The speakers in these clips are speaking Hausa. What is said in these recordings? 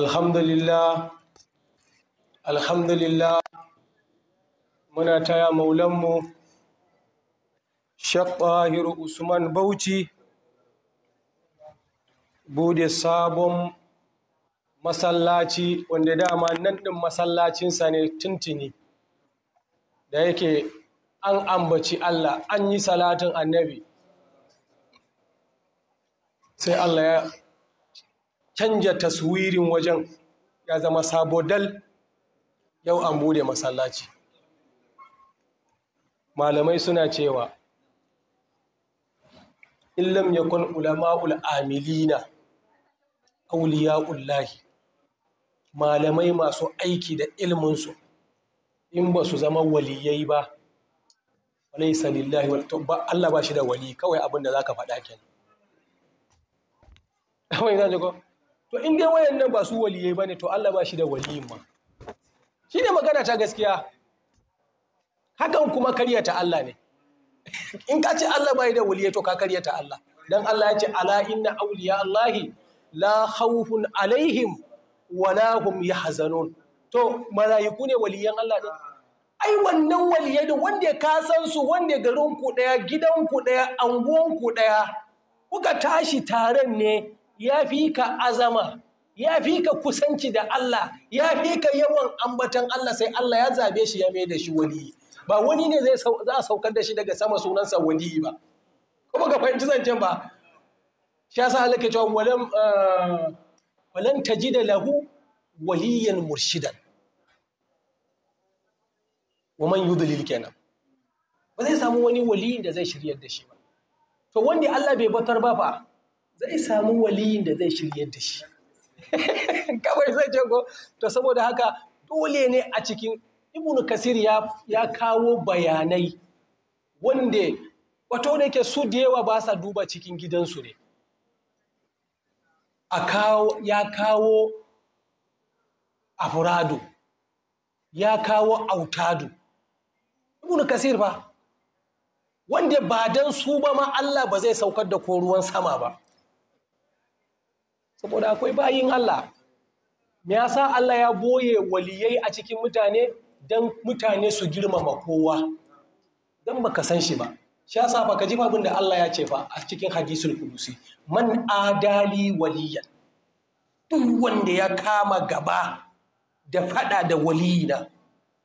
الحمد لله الحمد لله منا تايا مولمو شق طاهر عثمان بوچي bude sabon masallaci wanda dama nan ɗin masallacinsa ne tuntuni da yake an ambaci Allah an yi salatin annabi sai Allah ya canja taswirin wajen ya zama sabo dal yau an bude masallaci malamai suna cewa illam yakun ulama'ul amilina auliya'ullahi malamai masu aiki da ilminsu in ba su zama waliyai ba walaisa lillahi ba Allah ba shi da wali kawai abin za ka faɗa kenan kawai ji ko to in dai wayan nan ba su waliye ba ne to Allah ba shi da waliyin ma shi ne magana ta gaskiya hakan kuma karyata Allah ne in ka ce Allah ba da waliye to ka karyata Allah dan Allah ya ce ala inna awliya Allahi la khawfun alaihim wa la hum yahzanun to malaiku ne waliyan Allah din ai wannan waliye da wanda ka san su wanda garin ku daya gidan ku daya anguwan ku daya kuka tashi taron ne ya fi ka azama ya fi ka kusanci da Allah ya fi ka yawan ambatan Allah sai Allah ya zabe shi ya mai da shi yi ba wani ne zai za a saukar da shi daga sama sunansa yi ba kuma ga fahimci zancen ba shi ya sa ke cewa walam eh, taji da lahu waliyan murshidan wa man yudlil kenan ba zai samu wani waliyin da zai shiryar da shi ba to wanda Allah bai batar ba fa zai samu waliyin da zai shirye da shi kawai zai ce ko to saboda haka dole ne a cikin ibn kasir ya, kawo bayanai wanda wato ne ke su da yawa ba sa duba cikin gidansu ne a kawo ya kawo afurado ya kawo autadu ibn kasir ba wanda ba dan su ba ma Allah ba zai saukar da ko ruwan sama ba saboda akwai bayin Allah me yasa Allah ya boye waliyai a cikin mutane don mutane su girmama kowa don baka san shi ba shi yasa baka ji abin da Allah ya ce ba a cikin hadisul kudusi man adali waliyan duk wanda ya kama gaba da fada da waliyina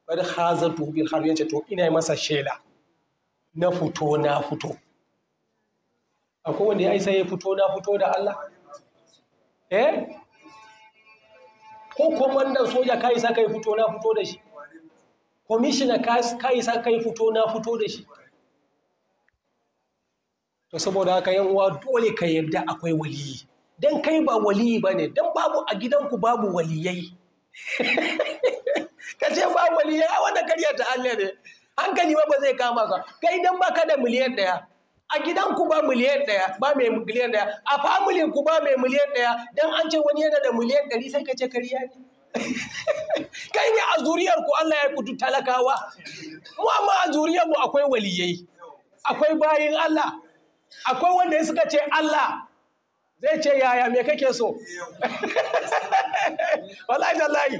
bari hazar tubil har to ina masa shela na fito na fito akwai wanda ya isa ya fito na fito da Allah eh ko komandan soja ka sa kai fito na fito da shi komishina ka sa kai fito na fito da shi to saboda haka yan uwa dole ka yarda akwai waliyi dan kai ba waliyi bane dan babu a gidanku babu waliyai ka ce ba waliyai a wannan kariya ta Allah ne hankali ba ba zai kama ka kai dan baka da miliyan daya a gidan ku ba miliyan ɗaya ba mai miliyan ɗaya a familin ku ba mai miliyan ɗaya dan an ce wani yana da miliyan ɗari sai ka ce kariya ne kai ne a zuriyar ku Allah ya kudu talakawa mu amma a zuriyar mu akwai waliyai akwai bayin Allah akwai wanda suka ce Allah zai ce yaya me kake so wallahi tallahi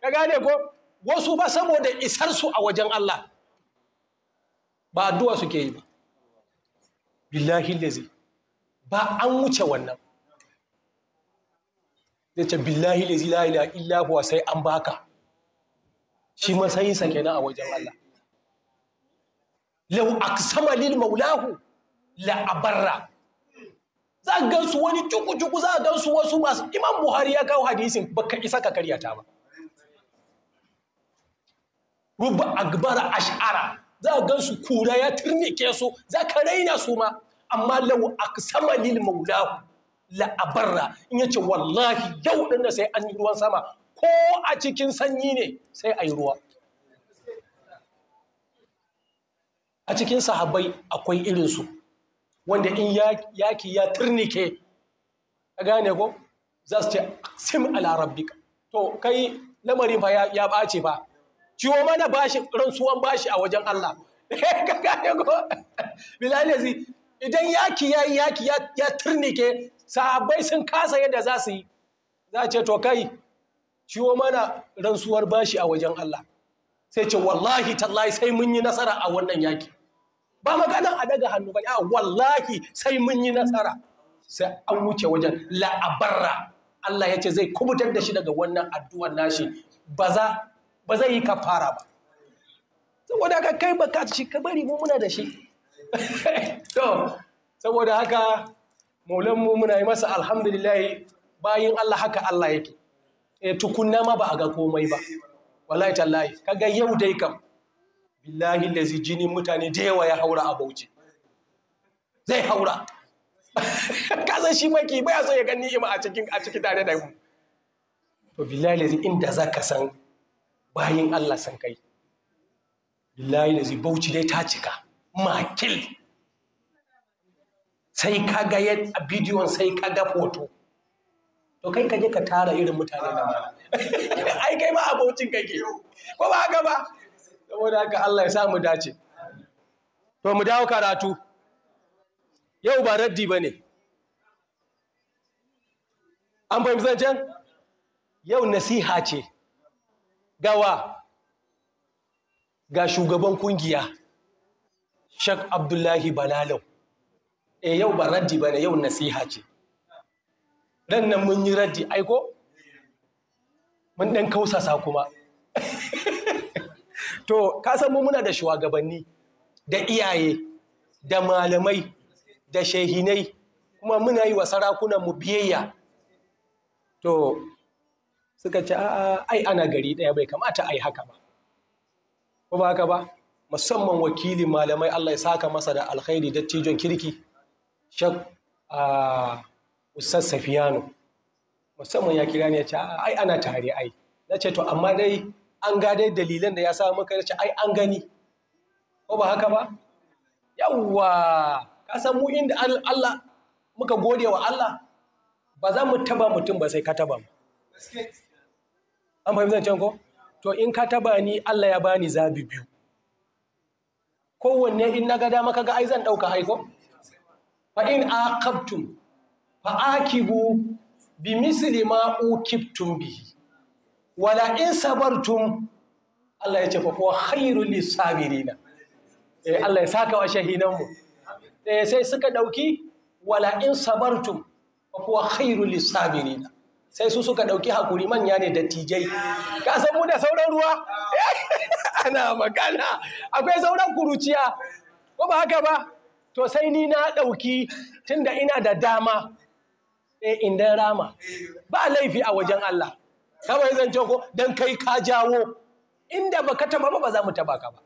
ka gane ko wasu ba saboda isar su a wajen Allah ba addu'a suke yi ba billahi lazi ba an wuce wannan yace billahi lazi la ila illa huwa sai an baka shi ma sai sake kenan a wajen Allah lau aqsama lil maulahu la abarra za a gansu wani cuku-cuku za a gansu wasu masu imam buhari ya kawo hadisin baka isa ka karyata ba ruba agbara ash'ara za a gansu kura ya turnike su za ka raina su ma amma lau aqsama lil maulahu la abarra in yace wallahi yau din sai an yi ruwan sama ko a cikin sanyi ne sai a ruwa a cikin sahabbai akwai irin su. wanda in yaki ya turnike ka gane ko za su ce sim rabbika to kai lamarin fa ya bace fa ciwo mana bashi rantsuwan bashi a wajen Allah ka gane ko bilalazi idan yaki ya yi yaki ya turnike sahabbai sun kasa yadda za su yi za ce to kai ciwo mana rantsuwar bashi a wajen Allah sai ce wallahi tallahi sai mun yi nasara a wannan yaki ba magana a daga hannu ba a wallahi sai mun yi nasara sai an wuce wajen la'abarra Allah ya ce zai kubutar da shi daga wannan addu'ar nashi ba zai yi kafara ba saboda ka kai baka shi ka bari mu muna da shi to saboda haka maulanmu muna yi masa alhamdulillah bayan Allah haka Allah yake e tukunna ma ba a ga komai ba wallahi tallahi kaga yau dai kam billahi lazi jinin mutane da yawa ya haura a bauchi zai haura san shi maki baya so ya ga ni'ima a cikin a cikin tare da mu to billahi lazi inda zaka san bayan Allah san kai billahi lazi bauchi dai ta cika makil sai kaga a bidiyon sai kaga foto to kai ka je ka tara irin mutane da ai kai ma abocin kake ko ba haka ba saboda haka Allah ya sa mu dace to mu dawo karatu yau ba raddi ba ne an fahimci zancen yau nasiha ce gawa ga shugaban kungiya shak abdullahi balalau e yau ba raddi ba ne yau nasiha ce dan nan mun yi raddi aiko mun ɗan kausasa kuma to ka san mu muna da shugabanni da iyaye da malamai da shehinai kuma muna yi wa sarakunan mu biyayya to suka ce ai ana gari ɗaya bai kamata ai haka ba ko ba haka ba musamman wakili malamai Allah ya saka masa da alkhairi dattijon kirki shak a ustaz safiyano musamman ya kira ni ya ce ai ana tare ai na ce to amma dai an ga dai dalilan da ya sa maka ya ce ai an gani ko ba haka ba yawwa ka san mu inda Allah muka gode wa Allah ba za mu taba mutum ba sai ka taba mu an fahimta can ko to in ka taba ni Allah ya bani zabi biyu kowanne in na ga dama kaga ai zan ɗauka aiko fa in aqabtum fa akibu bi misli ma ukibtum bi. wala in sabartum Allah ya ce fa huwa khairul lisabirina eh Allah ya saka wa shahidan mu eh sai suka dauki wala in sabartum fa huwa khairul lisabirina sai su suka ɗauki hakuri manya ne dattijai ka san mu da sauran ruwa ana magana akwai sauran kuruciya ko ba haka ba to sai ni na ɗauki tunda ina da dama eh indan rama ba laifi a wajen Allah kawai zan ce ko dan kai ka jawo inda baka taba ba ba za mu taba ka ba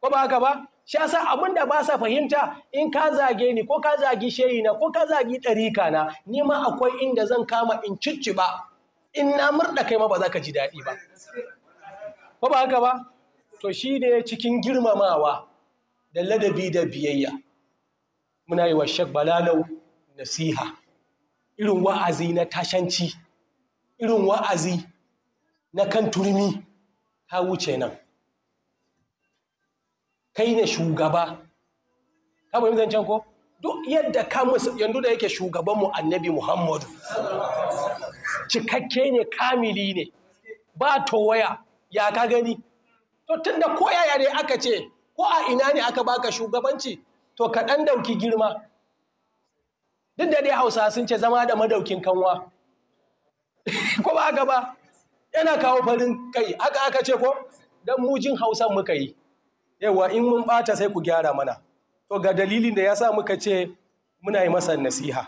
ko ba haka ba shi yasa abin da ba sa fahimta in ka zage ni ko ka zagi shehi na ko ka zagi ɗarika na ni ma akwai inda zan kama in ba in na murɗa kai ma ba za ka ji daɗi ba ko ba haka ba to shi ne cikin girmamawa da ladabi da biyayya muna yi wa shek balalau nasiha irin wa'azi na tashanci irin wa'azi na kan turmi ta wuce nan kai ne shugaba ka bai zancen ko duk yadda ka musu yanzu da yake shugabanmu annabi muhammadu cikakke ne kamili ne ba to waya. ya ka gani to tun da koyaya ne aka ce ko a ina ne aka baka shugabanci to ka ɗan dauki girma duk da dai hausa sun ce zama da madaukin kanwa ko ba ba? yana kawo farin kai haka aka ce ko don mujin hausan muka yi yawa in mun bata sai ku gyara mana to ga dalilin da ya sa muka ce muna yi masa nasiha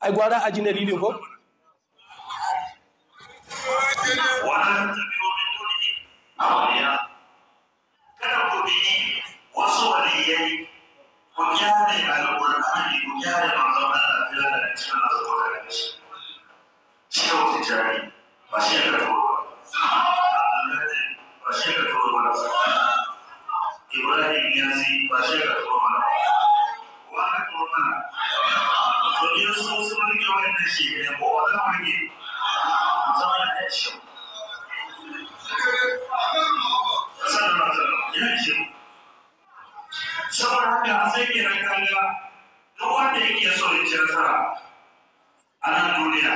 ai gwara a ji dalilin ko kada ku wasu ku gyara ku gyara da shi ba shi ya ba ba shi ya ba Ibrahim ya ce ba shi ka turo mana wa ka turo mana to ni so su mun ga wannan shi ne ko wala mun ne zaman da shi sallallahu alaihi ya ce saboda haka sai ke nan kanga duk wanda yake so ya ci nasara a nan duniya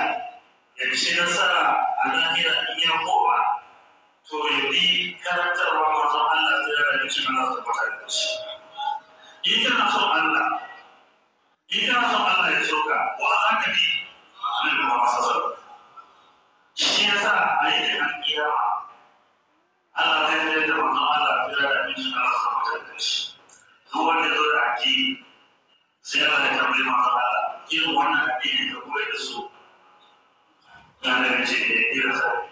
ya ci nasara a lahira in ya koma to ya bi karantarwa Allah ta yara da cikin Allah tabbata da shi in kana son Allah in son Allah ya soka wa aka bi nan da wasa sa shi yasa a yake an kiyama Allah ta yi da manzon Allah ta yara da cikin Allah tabbata da shi duk wanda zo da addini sai Allah ya tambaye manzon Allah irin wannan addini da koyar da su na da ce eh, irin sa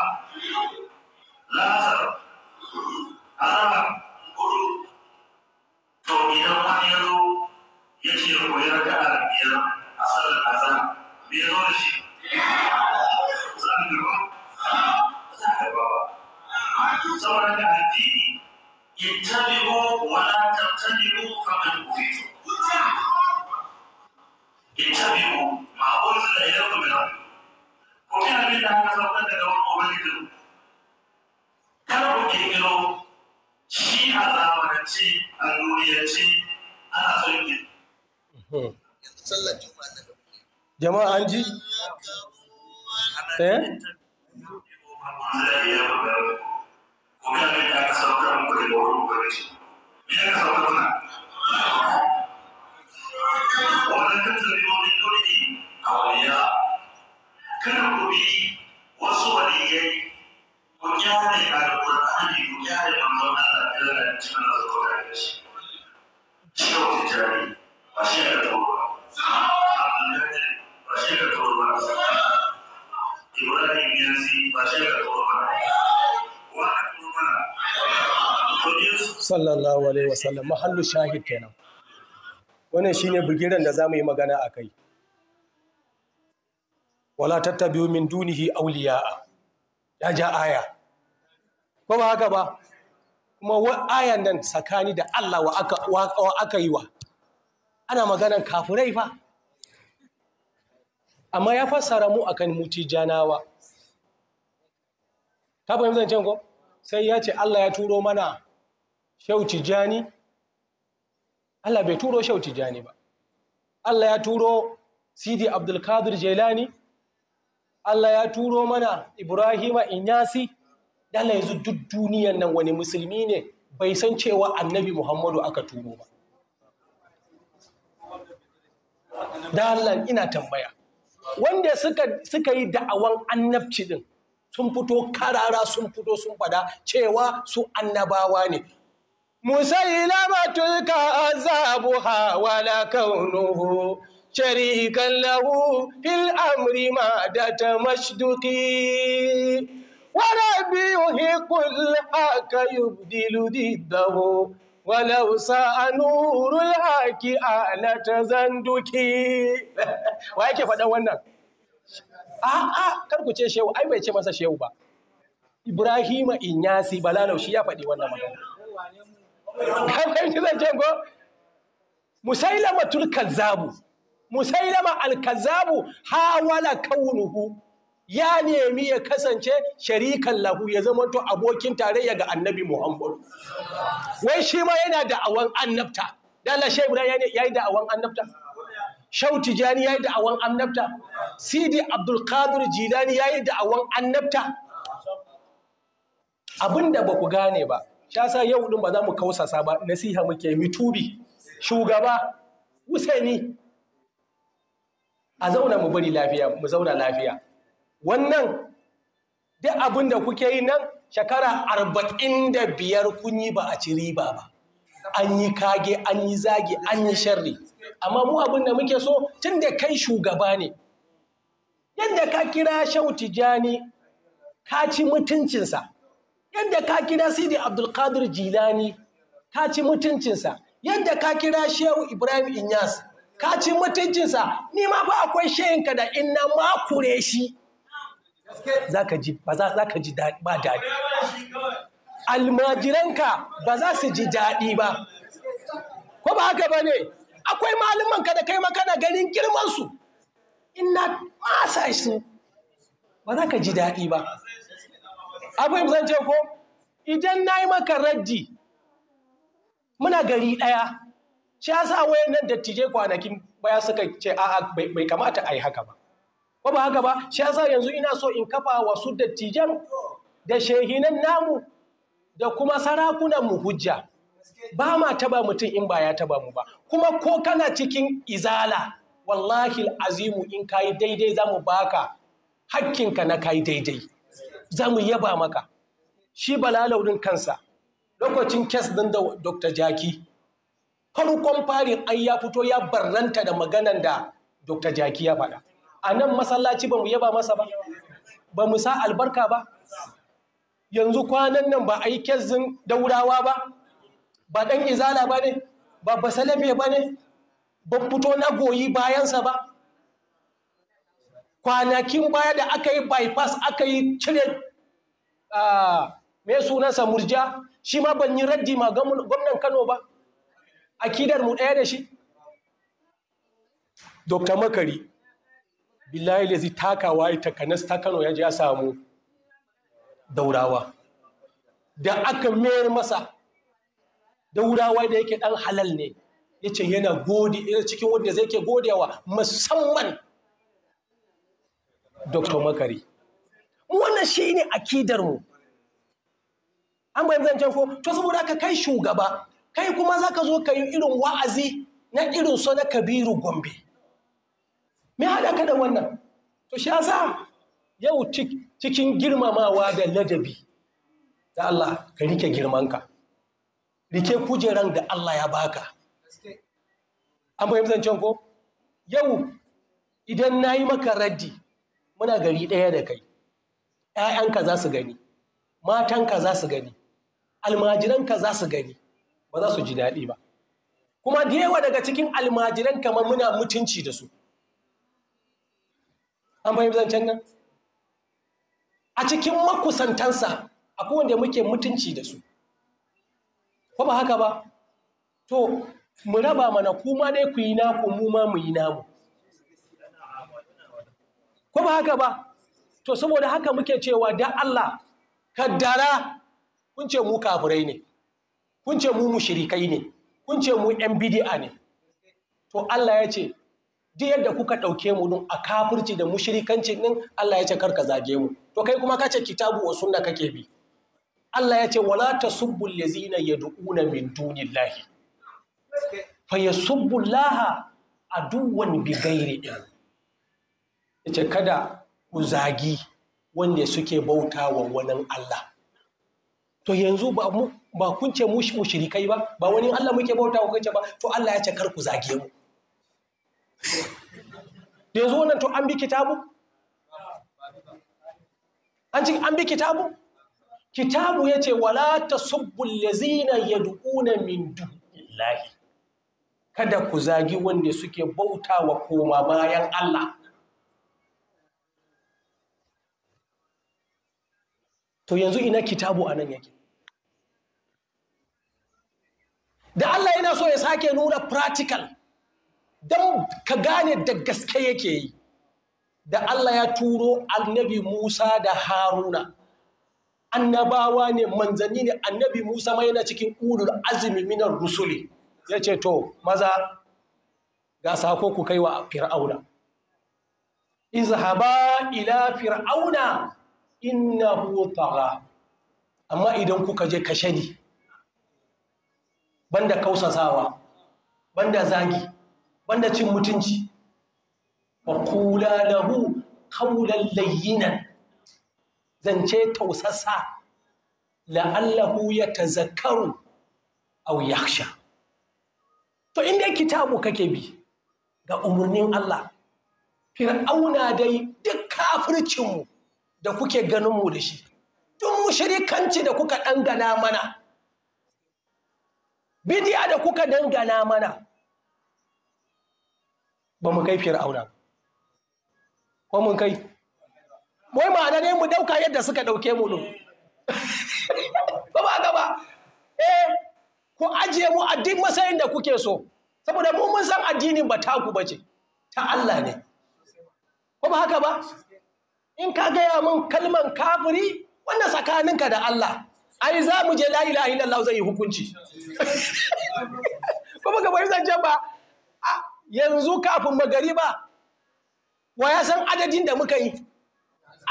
wasallam mahallu shahid kenan wannan shine bigiran da zamu yi magana akai wala tattabi'u min dunihi awliya'a ya ja aya ko ba haka ba kuma wa ayan nan tsakani da Allah wa aka wa aka yi wa ana magana kafurai fa amma ya fassara mu akan muti janawa ka zan ce ko sai ya ce Allah ya turo mana Shauci Jani, Allah bai turo Shauci Jani ba Allah ya turo sidi abdulkadir jelani Allah ya turo mana ibrahima inyasi dala ya duk duniyan nan wani musulmi ne bai san cewa annabi muhammadu aka turo ba dalan ina tambaya wanda suka yi da'awan annabci din sun fito karara sun fito sun fada cewa su annabawa ne musailamatul ka azabuha wala kaunuhu sharikan da ta mashduqi wala bi ala wa faɗan wannan a'a kar ku ce shehu ai bai ce masa shehu ba ibrahima inyasi Bala shi ya faɗi wannan magana kan zan ko musailama tulkazzabu musailama hawala kaunuhu ya nemi ya kasance sharikan lahu ya zama to abokin tarayya ga annabi Muhammadu. Wai shi ma yana da da'awan annabta. Dala Shehu Ibrahim ya yi da da'awan annabta. Shau Tijani ya yi da da'awan annabta. Sidi Abdul Qadir Jilani ya yi da awon annabta. abinda ba ku gane ba, shasa yau din ba za mu kausasa ba nasiha muke mitubi shugaba usaini a zauna mu bari lafiya mu zauna lafiya wannan duk abin da kuke yi nan shekara arba'in da biyar kun yi ba a ci riba ba an yi kage an yi zagi an yi sharri amma mu abin da muke so tun da kai shugaba ne yadda ka kira shau tijani ka ci mutuncinsa yadda ka kira sidi abdulkadir jilani ka ci mutuncinsa yadda ka kira shehu ibrahim inyas ka ci mutuncinsa ni ma fa akwai shehinka da in na makure shi za ka ji ba daɗi almajiranka ba za su ji daɗi ba ko ba haka ba ne akwai malumanka da kai makana ganin girmansu Ina masa shi. ba za ka ji daɗi ba abin zan ce ko idan na yi maka raddi muna gari ɗaya shi yasa wayan nan dattijai kwanakin baya suka ce a'a bai kamata a yi haka ba ba ba haka ba shi yasa yanzu ina so in kafa wasu dattijan da shehinan namu da kuma sarakunan mu hujja ba ma taba mutum in ba ya taba mu ba kuma ko kana cikin izala wallahi azimu in kayi daidai za mu baka hakkinka na kayi daidai za mu yaba maka shi balalaudin kansa lokacin kes din da dr jaki farkon farin ai ya fito ya barranta da maganan da dr jaki ya faɗa a nan masallaci ba mu yaba masa ba ba mu sa albarka ba yanzu kwanan nan ba a yi kes din daurawa ba ba ɗan izala ba ne ba basalabe ba ne ba fito na goyi bayansa ba kwanakin baya da aka yi bypass aka yi cire ah, mai sunansa murja shi ma ban yi raddi ma gwamnan kano ba akidar mu ɗaya da shi dr makari billahi lezi takawa ita kanas ta kano ya ji ya samu daurawa da aka mayar masa daurawa da yake ɗan halal ne ya ce yana godi cikin wanda zai ke godewa musamman Dr. Makari. Wannan shi ne akidarmu. An bayan zancen ko, to saboda ka kai shugaba, kai kuma za ka zo ka yi irin wa'azi na irin so na kabiru gombe. Me haɗa ka da wannan? To shi sa yau cikin girmamawa da ladabi, da Allah ka rike girmanka, rike kujeran da Allah ya baka. An bayan zancen ko, yau idan na yi maka raddi, muna gari ɗaya da kai ‘ya'yanka za su gani matanka za su gani almajiranka za su gani ba za su ji daɗi ba kuma da yawa daga cikin almajiran kamar muna mutunci da su an fahimci zancen nan a cikin makusantansa akwai wanda muke mutunci da su ko ba haka ba to mu raba mana kuma dai ku yi naku mu ma mu yi namu ko ba haka ba to saboda haka muke cewa da Allah kaddara kun ce mu kafirai ne kun ce mu mushrikai ne kun ce mu yan bid'a ne to Allah ya ce duk yadda kuka ɗauke mu din a kafirci da mushrikanci din Allah ya ce ka zage mu to kai kuma kace kitabu wa sunna kake bi Allah ya ce wala tasubbu allazina yad'una min dunillahi fa yasubbu a aduwan bi ghairi yace kada ku zagi wanda suke bauta wa wani Allah to yanzu ba mu ba kun ce mushrikai ba ba wani Allah muke bauta wa kace ba to Allah ya ce kar ku zage mu yanzu wannan to an bi kitabu an ci an bi kitabu kitabu ya ce wala ta subbul lazina ya duƙuna min dunillahi kada ku zagi wanda suke bauta wa koma bayan Allah to yanzu ina kitabu a nan yake da Allah yana so ya sake nuna practical don ka gane da gaske yake yi da Allah ya turo annabi Musa da Haruna annabawa ne manzanni ne annabi Musa ma yana cikin ulul azumi minar rusuli ya ce to maza ga sako ku kai wa fir'auna izhaba ila fir'auna huwa tagha amma idan kuka je kashe ni banda kausasawa banda zagi banda cin mutunci wa kula lahu qawlan layyinan zance tausasa la'allahu yatazakkaru aw yakhsha to inda kitabu kake bi ga umarnin Allah fir'auna dai duk kafircinmu da kuke ganin mu da shi mu shirikanci da kuka dangana mana bidiya da kuka dangana mana ba mu kai auna, ko mun kai mai ma'ana ne mu dauka yadda suka dauke mu din ba ba gaba eh ku ajiye mu a duk matsayin da kuke so saboda mun san addinin ba taku bace ta Allah ne ko ba haka ba in ka gaya min kalman kafiri wanda tsakaninka da Allah ai za mu je la zai yi hukunci kuma ga bai zan ba yanzu kafin ba. wa ya san adadin da muka yi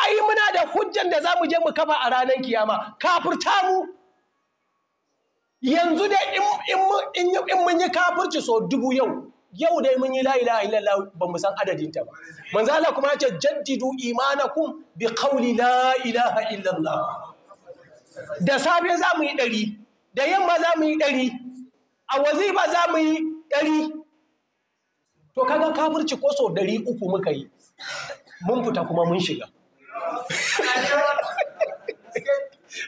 ai muna da hujjan da za mu je mu kafa a ranar kiyama kafirta mu yanzu da in mun yi kafirci so dubu yau yau dai mun yi la’ila a ilallah ba mu san adadin ta ba Manzala kuma kuma yace jaddidu imanakum bi kauli la’ila a ilallah. da safe za mu yi ɗari da yamma za mu yi ɗari a wazifa za mu yi ɗari to kaga kafirci ko so ɗari uku muka yi mun fita kuma mun shiga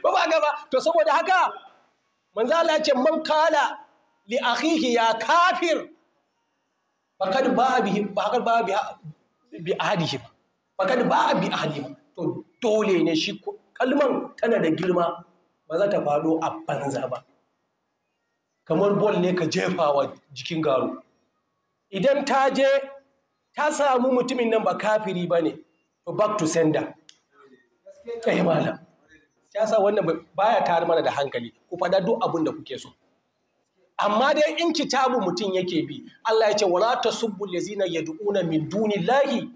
ba gaba to saboda haka manzala ce man kala li akhihi ya kafir fakad ba bihi fakad ba bi ahadihim fakad ba bi to dole ne shi kalman tana da girma ba za ta faɗo a banza ba kamar bol ne ka jefa wa jikin garo idan ta je ta samu mutumin nan ba kafiri ba ne to back to sender ta eh, malam ta sa wannan baya tare mana da hankali ku faɗa duk abin da kuke so amma dai in kitabu mutum yake bi Allah ya ce wala ta tasubbu allazina yad'una min dunillahi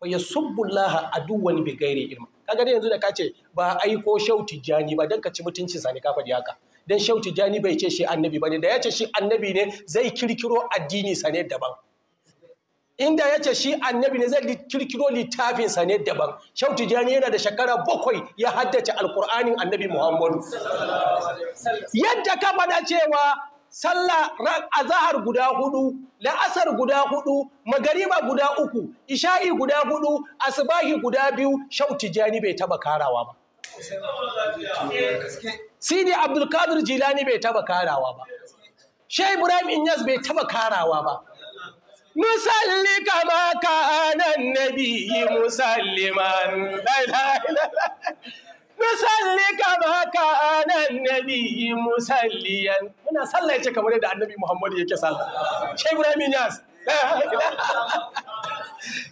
wa yasubbu allaha aduwwan bighairi ilmi kaga dai yanzu da kace ba aiko shauti jani ba dan ka ci mutuncin sani ka faɗi haka dan shauti jani bai ce shi annabi bane da ya ce shi annabi ne zai kirkiro addini sa ne daban inda ya ce shi annabi ne zai kirkiro littafinsa ne daban shautu jani yana da shekara bakwai ya haddace alkur'anin annabi muhammadu yadda ka faɗa cewa sallah azahar guda hudu la'asar guda hudu magariba guda uku isha'i guda hudu asbahi guda biyu shauti jani bai taba karawa ba sidi abdulkadir jilani bai taba karawa ba shai ibrahim inyas bai taba karawa ba musalli kama ka anan musalliman la ilaha yusalli kama anan annabi musalliyan muna sallah yace kamar yadda annabi Muhammad yake sallah Sheikh Ibrahim yas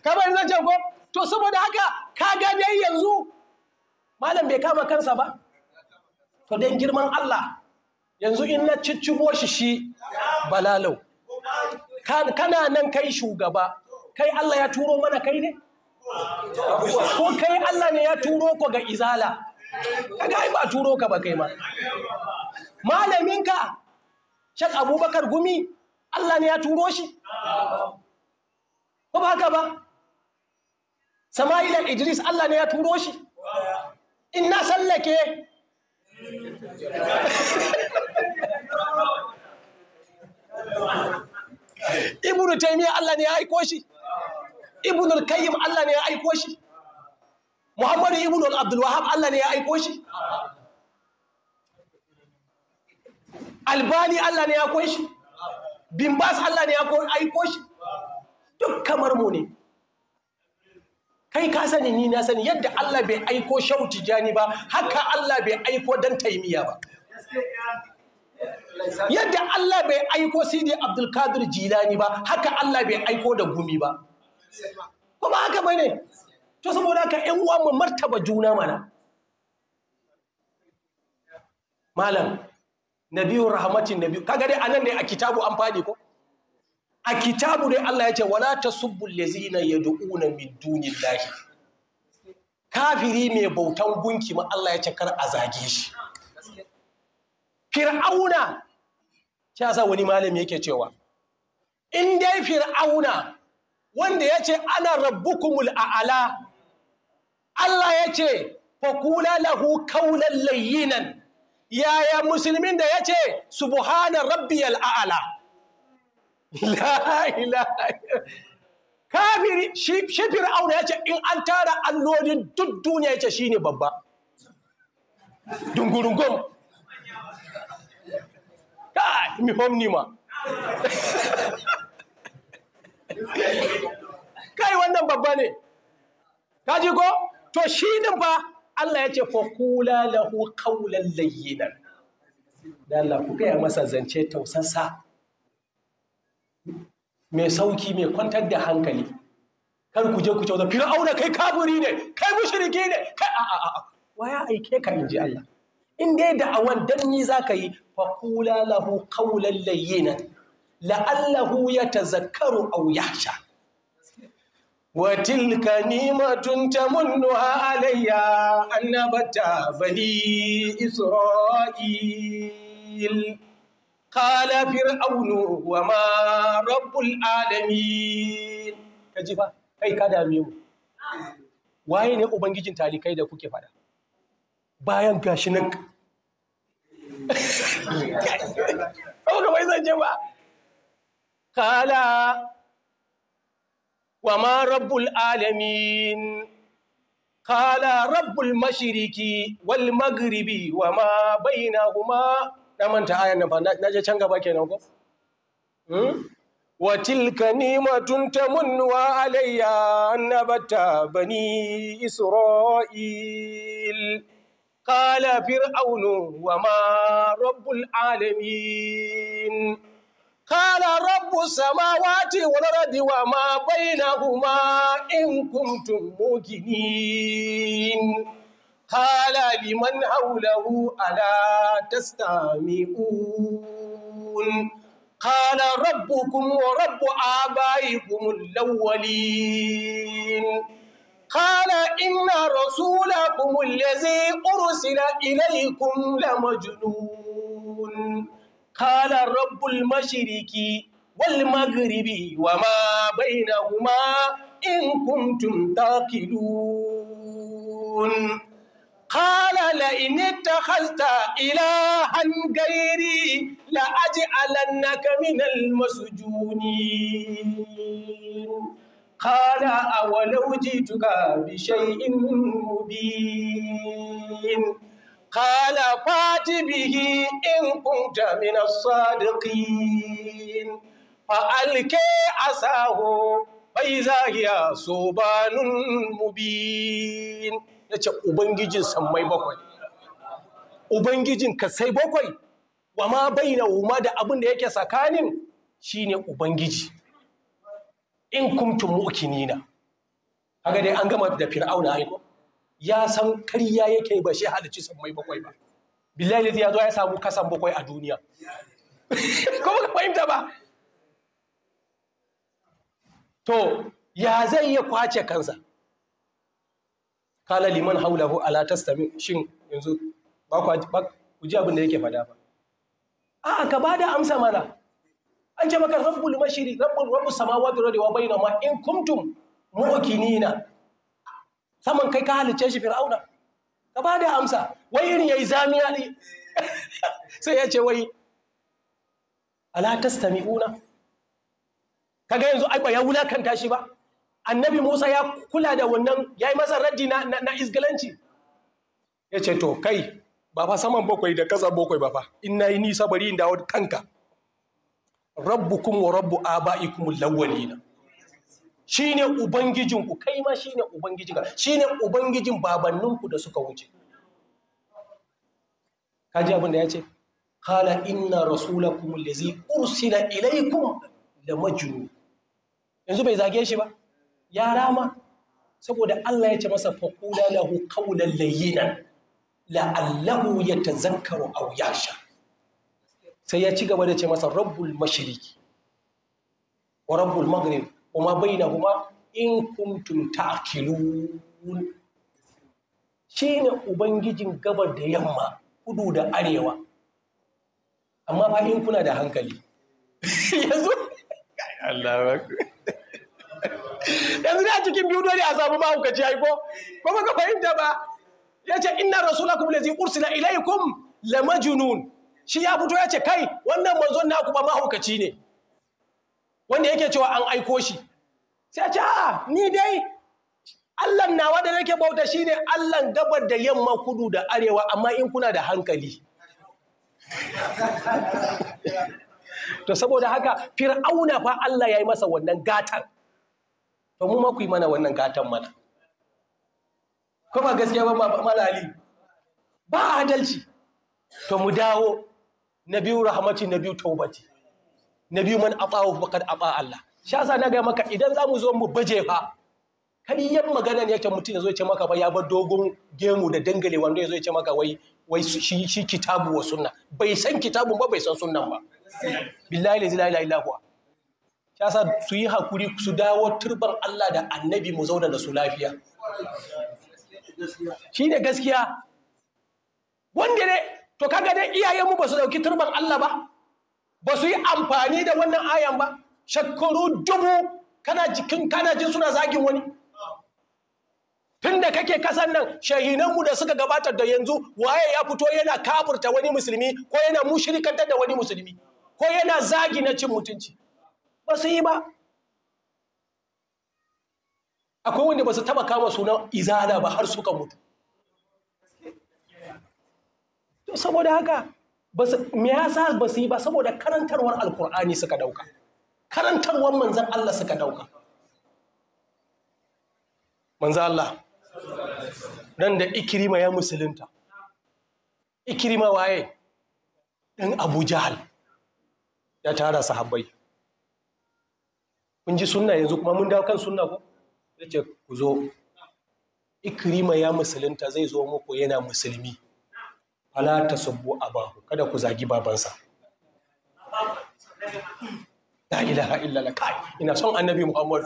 kamar yanzu ce ko to saboda haka ka ga dai yanzu malam bai kama kansa ba to dan girman Allah yanzu in na ciccibo shi shi balalau kana nan kai shugaba kai Allah ya turo mana kai ne ko kai Allah ne ya turo ko ga izala kaga ai ba turo ka ba kai ma malaminka shek abubakar gumi allah ne ya turo shi Ko ba haka ba sama'ila idris allah ne ya turo shi in sallake ibnu taymiya allah ne ya aiko shi ibnu al-qayyim allah ne ya aiko shi Muhammadu ibn Abdul Wahab Allah ne ya aiko shi Albani Allah ne ya aiko shi Bimbas Allah ne ya aiko shi duk kamar mu ne kai ka sani ni na sani yadda Allah bai aiko Shauti Tijani ba haka Allah bai aiko dan Taimiya ba yadda Allah bai aiko Sidi Abdul kadir Jilani ba haka Allah bai aiko da gumi ba kuma haka bane to saboda ka ‘yan uwa mu martaba juna mana malam nabiyu rahmatin nabiyu ka dai anan dai a kitabu an fadi ko a kitabu dai Allah ya ce wala tasubbu allazina yad'una min dunillahi kafiri mai bautan gunki ma Allah ya ce kar a zage shi fir'auna ya sa wani malami yake cewa in dai fir'auna wanda ya ce ana rabbukumul a'ala Allah ya ce fakula lahu kaunan layyinan yaya musulmin da ya ce Subhanan rabbiyal a'ala la ilaha kafiri shi auna ya ce in an tara allolin duk duniya ya ce shine babba dungurungun ka mi homnima kai wannan babba ne kaji ko to shi din ba Allah ya ce fa kula lahu kaulan layyinan da Allah ku kai masa zance tausasa mai sauki mai kwantar da hankali Kan ku je ku ce auna kai kaburi ne kai mushriki ne kai a a a ya aike ka inji Allah in dai da awan dan ni zaka yi fa kula lahu kaulan layyinan la'allahu yatazakkaru aw yahsha وتلك نيمة تمنها علي أن نبت بني إسرائيل قال فرعون وما رب العالمين كجفا كي كدا ميو waye ne تالي talikai da kuke fada bayan gashi nan kawai zan je Wama rabbul alamin kala rabbul mashiriki, wal maghribi wa ma bainahuma da manta ayan nan fa naje can gaba kenan ko hmm wa tilka nimatun tamunnu wa alayya annabata bani isra'il kala fir'aunu wa ma rabbul alamin السماوات والأرض وما بينهما إن كنتم موقنين قال لمن حوله ألا تستمعون قال ربكم ورب آبائكم الأولين قال إن رسولكم الذي أرسل إليكم لمجنون قال رب المشرك والمغرب وما بينهما إن كنتم تعقلون قال لئن اتخذت إلها غيري لأجعلنك من المسجونين قال أولو جئتك بشيء مبين قال فات به إن كنت من الصادقين fa'alke asaho bai zahiya so banun mubin ya ce ubangijin sammai bakwai ubangijin kasai bakwai wa ma bai na wuma da abin da yake tsakanin shine ubangiji in kumtum nina. haka dai an gama da fir'auna aiko ya san karya yake ba shi halicci sammai bakwai ba billahi ya zo ya samu kasan bakwai a duniya kuma ka fahimta ba to ya zai iya kwace kansa kala liman haulahu ala tastami shin yanzu ba ku ji abin da yake fada ba a ka ba da amsa mana an ce maka rabbul mashiri rabbul rabbus samawati wal ardi wa in kuntum mu'minina saman kai ka halice shi fir'auna ka ba da amsa wai irin yayi zamiya ne sai ya ce wai ala tastami'una kaga yanzu ai ba ya wulakanta shi ba annabi Musa ya kula da wannan ya yi masa raddi na, na, isgalanci ya ce to kai ba fa saman bakwai da kasa bakwai ba fa in na yi nisa bari in dawo kanka kun wa rabbu a bai kuma na shi ne ubangijinku kai ma shi ka? ubangijinka ne ubangijin babanninku da suka wuce kaji abin da ya ce qala inna rasulakum allazi ursila ilaykum la majnun yanzu bai zage shi ba ya rama saboda Allah ya ce masa faƙula lahu qawlan layyinan la'allahu yatazakkaru aw yasha sai ya ci gaba da ce masa rabbul mashriqi wa rabbul maghrib wa ma bainahuma in kuntum ta'qilun shine ubangijin gabar da yamma kudu da arewa amma fa in kuna da hankali yanzu Allah yanzu a cikin biyu dole a samu mahaukaci haifo ko ko ka fahimta ba Ya yace inna rasulakum lazi ursila la lamajnun shi ya fito ya ce kai wannan manzon naku ba mahaukaci ne wanda yake cewa an aiko shi sai ce a ni dai Allah nawa da nake bauta shine Allah gabar da yamma kudu da arewa amma in kuna da hankali to saboda haka fir'auna fa Allah ya yi masa wannan gatan to mu ma ku yi mana wannan gatan mana ko ba gaskiya ba malali ba adalci to mu dawo nabi rahmatin rahmati na biyu taubati na ba man atahu faqad Allah shi yasa na ga maka idan zamu zo mu baje fa yan magana ne yake mutum ya zo ya ce maka ba ya bar dogon gemu da dangale wanda ya zo ya ce maka wai wai shi kitabu wa sunna bai san kitabun ba bai san sunnan ba billahi la ilaha illallah ya sa su yi hakuri su dawo turbar Allah da annabi mu zauna da su lafiya shi ne gaskiya wanda ne to kaga dai iyayenmu ba su dauki turban Allah ba ba su yi amfani da wannan ayan ba shakkaru dubu kana jikin kana jin suna zagin wani Tun da kake kasan nan shahinanmu da suka gabatar da yanzu waye ya fito yana kafurta wani musulmi ko yana mushrikantar da wani musulmi ko yana zagi na cin mutunci ba su yi ba akwai wanda ba su taba kama sunan izala ba har suka mutu saboda haka me ba su yi ba saboda karantarwar alkur'ani suka dauka karantarwar manzan Allah suka dauka manzan Allah don da ikirima ya musulunta ikirima waye ɗan abu jahal ya tara sahabbai mun ji sunna yanzu kuma mun dawo kan sunna ko ya ku zo ikrima ya musulunta zai zo muku yana musulmi ala ta abahu kada ku zagi babansa la ilaha illa la kai ina son annabi muhammad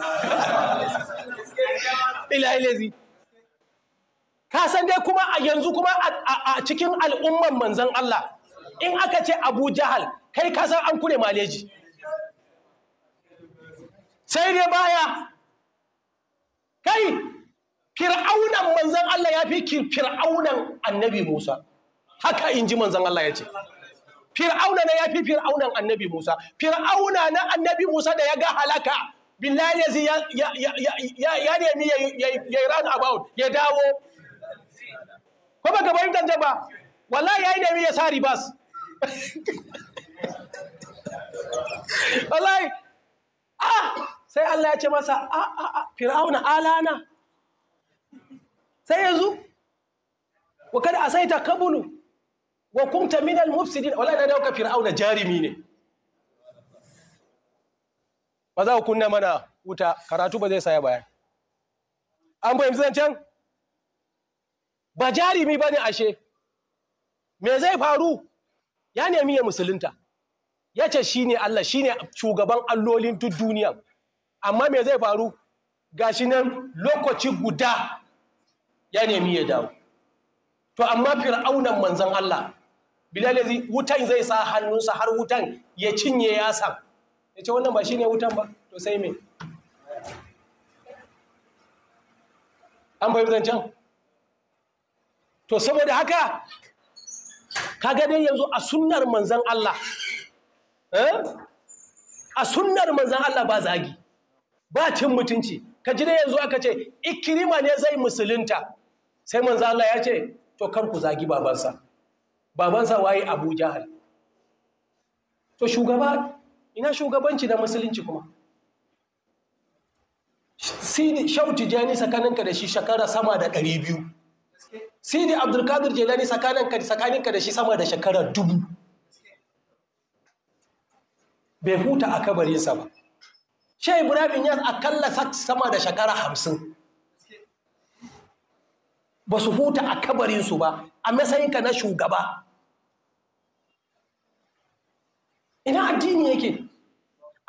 ila ilazi ka san dai kuma a yanzu kuma a cikin al'umman manzon Allah in aka ce Abu Jahal kai ka san an kure maleji sai dai baya kai fir'aunan manzan Allah ya fi fir'aunan annabi Musa haka in ji manzan Allah ya ce fir'auna na ya fi fir'aunan annabi Musa fir'auna na annabi Musa da ya ga halaka billahi yazi ya ya nemi ya ya run about ya dawo ko baka bayyana da ba wallahi yayi nemi ya sa ribas wallahi ah sai Allah ya ce masa a a a fir'auna alana sai yanzu wa kada a asaita kabulu wa kunta min al-mufsidin wallahi da dauka fir'auna jarimi ne ba za ku kunna mana wuta karatu ba zai saya baya. an fahimci can? ba jarimi bane ashe me zai faru ya nemi ya musulunta ya ce shi ne Allah shi ne shugaban allolin duk duniya amma me zai faru gashi nan lokaci guda ya nemi ya dawo to amma fir'aunan manzon Allah bilal wutan zai sa hannunsa har wutan ya cinye ya san ya ce wannan ba shine wutan ba to sai me an bai can? to saboda haka kaga dai yanzu a sunnar manzon Allah eh? a sunnar manzon Allah ba zagi ba cin mutunci ka ji dai yanzu aka ce ikirima ne zai musulunta sai manzo Allah ya ce to kanku ku zagi babansa babansa waye Abu Jahal to shugaba ina shugabanci da musulunci kuma sidi shauti jani sakaninka da shi shekara sama da ɗari biyu sidi abdulkadir ni sakaninka da shi sama da shekara dubu bai huta a kabarinsa ba Shai Ibrahim ya akalla sama da shekara hamsin. Ba su huta a kabarinsu ba, a matsayinka na shugaba. Ina addini yake,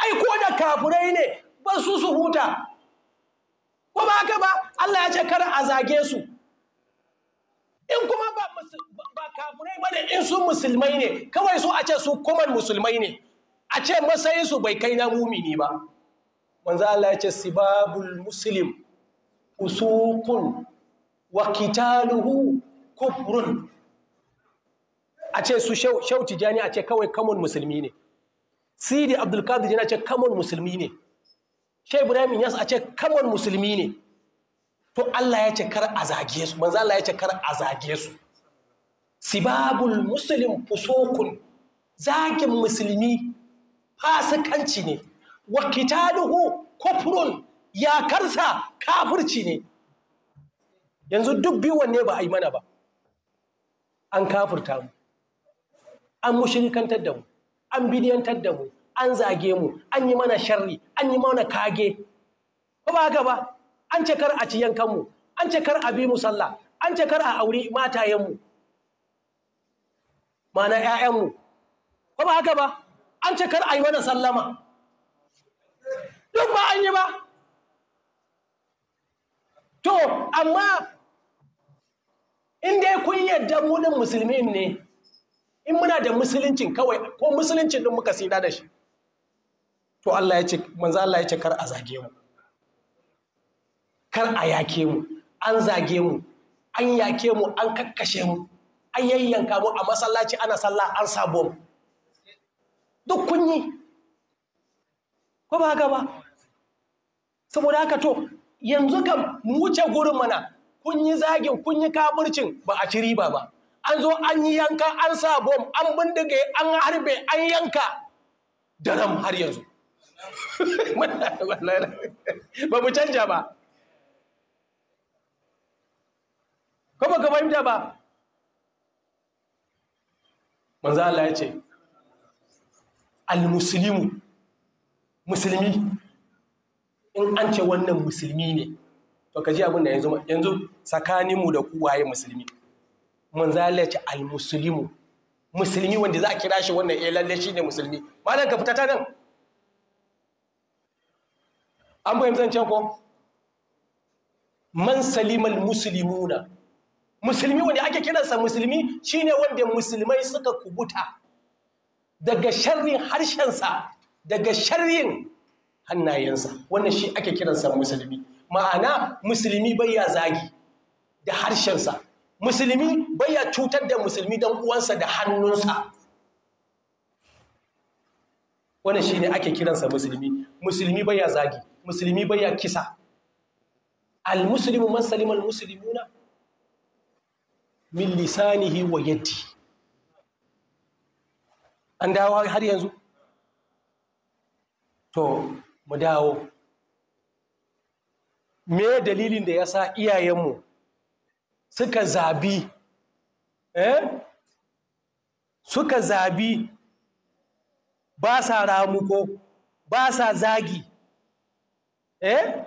ai ko da kafurai ne ba su su huta. Ko ba haka ba, Allah ya ce kar a zage su. In kuma ba kafurai ba da in su musulmai ne, kawai su a ce su kuman musulmai ne, a ce matsayinsu bai kai na mumini ba. manzo Allah ya ce sibabul muslim usuqun wa qitaluhu kufrun a ce su shauti jani a ce kawai kamun musulmi ne sidi abdul kadir jana ce kamun musulmi ne shai ibrahim yas a ce kamun musulmi ne to Allah ya ce kar a zage su manzo Allah ya ce kar a zage su sibabul muslim fusukun zagin musulmi fasikanci ne wa kitaluhu kufrun karsa kafirci ne yanzu duk biyu wanne ba a yi mana ba an kafirta mu an mushrikantar da mu an bidiyantar da mu an zage mu an yi mana sharri an yi mana kage ko ba haka ba an ce kar a ci yankan mu an ce kar a bi mu sallah an ce kar a auri matayen mu mana ƴaƴan mu ko ba haka ba an ce kar a yi mana sallama duk ba an yi ba to amma in dai kun yadda mu din musulmi ne in muna da musuluncin kawai ko musuluncin din muka sida da shi to Allah ya ce manzo Allah ya ce kar a zage mu kar a yake mu an zage mu an yake mu an kakkashe mu an yayyanka mu a masallaci ana sallah an sabo mu duk kunyi ko ba haka ba saboda haka to yanzu ka mu wuce gurin mana kun yi zagin kun yi kaburcin ba a ci riba ba an zo an yi yanka an sa bom an bindiga an harbe an yanka daram har yanzu ba mu canja ba ko ba ka fahimta ba manzo Allah ya ce al-muslimu musulmi in an ce wannan musulmi ne to ka ji abin da yanzu yanzu tsakaninmu da ku waye musulmi mun zalace almuslimu musulmi wanda za a kira shi wannan eh lalle shine musulmi malam ka fita ta nan an bayyana zancen ko man salimal muslimuna musulmi wanda ake kiransa musulmi shine wanda musulmai suka kubuta daga sharrin harshensa daga sharrin hannayensa wannan shi ake kiransa musulmi ma'ana musulmi baya zagi da harshensa musulmi baya cutar da musulmi dan uwansa da hannunsa wannan shi ne ake kiransa musulmi musulmi baya zagi musulmi baya kisa al musulmi man salima al-muslimuna min lisanihi wa yadi an dawo har yanzu to mu dawo me dalilin da ya sa iyayenmu suka zabi eh? suka zabi ba sa ramuko ba sa zagi eh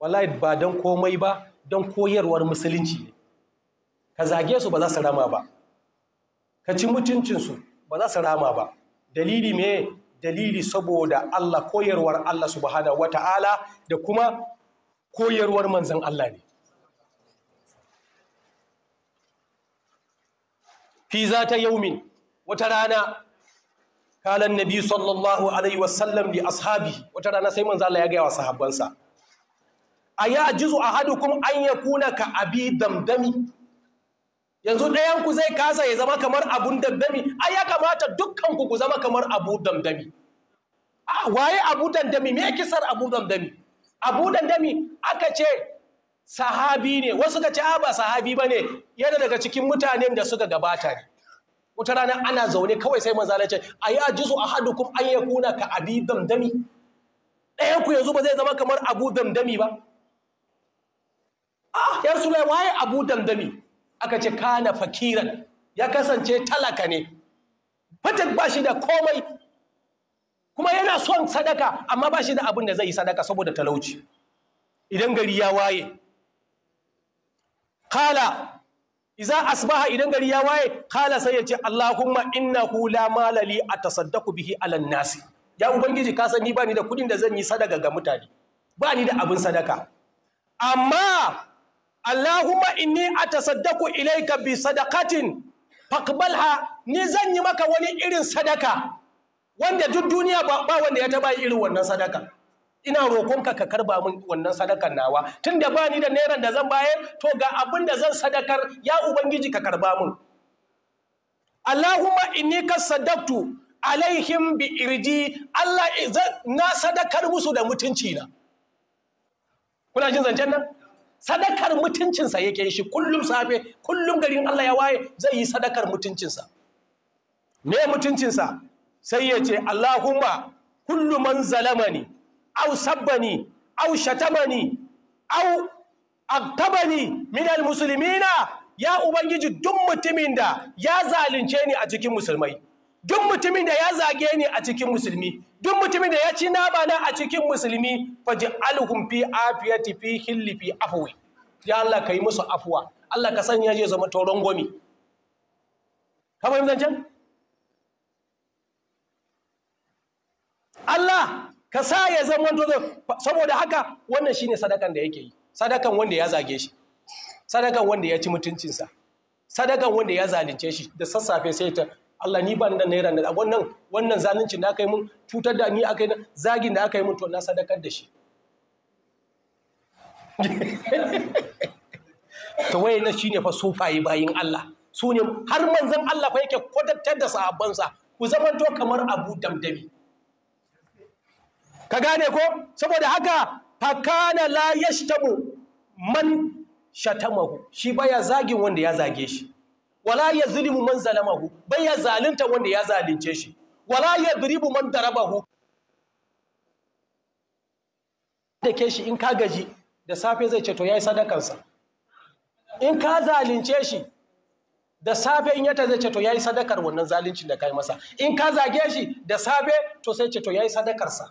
wallahi ba don komai ba don koyarwar musulunci ne ka zage su ba za su rama ba ka ci mutuncinsu ba za su rama ba dalili me dalili saboda Allah koyarwar Allah subhanahu wata'ala da kuma koyarwar manzan Allah ne fi za ta yaumin wata rana kalan nabi sallallahu alaihi wasallam bi ashabi wata rana sai manzan Allah ya gaya wa sahabbansa a ya ajizu kuma an kuna ka abi damdami yanzu ɗayan ku zai kasa ya zama kamar abun dandami ai ya kamata dukkan ku zama kamar abu damdami waye abu damdami me kisar abu damdami abu damdami aka ce sahabi ne wasu ka ce ba sahabi ba ne yana daga cikin mutanen da suka gabata ne wata rana ana zaune kawai sai manzo Allah ya ce haɗu ahadukum an yakuna ka abi damdami ɗayan ku yanzu ba zai zama kamar abu damdami ba ah ya sulai waye abu dandami aka ce kana fakiran ya kasance talaka ne fatak ba shi da komai kuma yana son sadaka amma ba shi da abin da zai yi sadaka saboda talauci idan gari ya waye kala iza asbaha idan gari ya waye kala sai ya ce Allahumma innahu hula malali atasaddaqu bihi alan nasi ya ubangiji ka san ni ba ni da kudin da zan yi sadaka ga mutane ba ni da abin sadaka amma Allahumma inni atasaddaku ilaika bi sadaqatin faqbalha ni zan yi maka wani irin sadaka wanda duk duniya ba, ba wanda ya taba irin wannan sadaka ina roƙonka ka karba min wannan sadakar nawa tunda ba ni da nairan da zan bayar to ga abin da zan sadakar ya ubangiji ka karba min Allahumma inni kasaddaqtu alaihim bi irji Allah na sadakar musu da mutunci na kuna jin zancen nan sadakar mutuncinsa yake shi kullum safe kullum garin Allah ya waye zai yi sadakar mutuncinsa me mutuncinsa sai ya ce Allahumma kullu man zalamani aw sabbani aw shatamani aw aqtabani min almuslimina ya ubangiji duk mutumin da ya zalunce ni a cikin musulmai duk mutumin da ya zage ni a cikin musulmi duk mutumin da ya ci naba na a cikin musulmi faji alhum fi afiyati fi hilli fi afwi ya Allah kai musu afwa Allah ka sanya ya zama toron gomi ka fahimta zancen Allah ka sa ya zama saboda haka wannan shine sadakan da yake yi sadakan wanda ya zage shi sadakan wanda ya ci mutuncinsa sadakan wanda ya zalunce shi da sassafe sai ta Allah ni ban da naira da wannan wannan zaluncin da aka yi mun cutar da ni aka yi zagin da aka yi mun to na sadakar da shi to waye na shine fa sufaye bayin Allah su ne har manzon Allah fa yake kwatantar da sahabbansa ku zamanto kamar Abu Damdami ka gane ko saboda haka fakana la yashtamu man shatamahu shi baya zagin wanda ya zage shi wala ya zulimu man zalamahu bai ya zalunta wanda ya zalunce shi wala ya mu man darabahu da ke shi in ka gaji da safe zai ce to yayi sadakansa in ka zalunce shi da safe in yata zai ce to yayi sadakar wannan zaluncin da kai masa in ka zage shi da safe to sai ce to yayi sadakarsa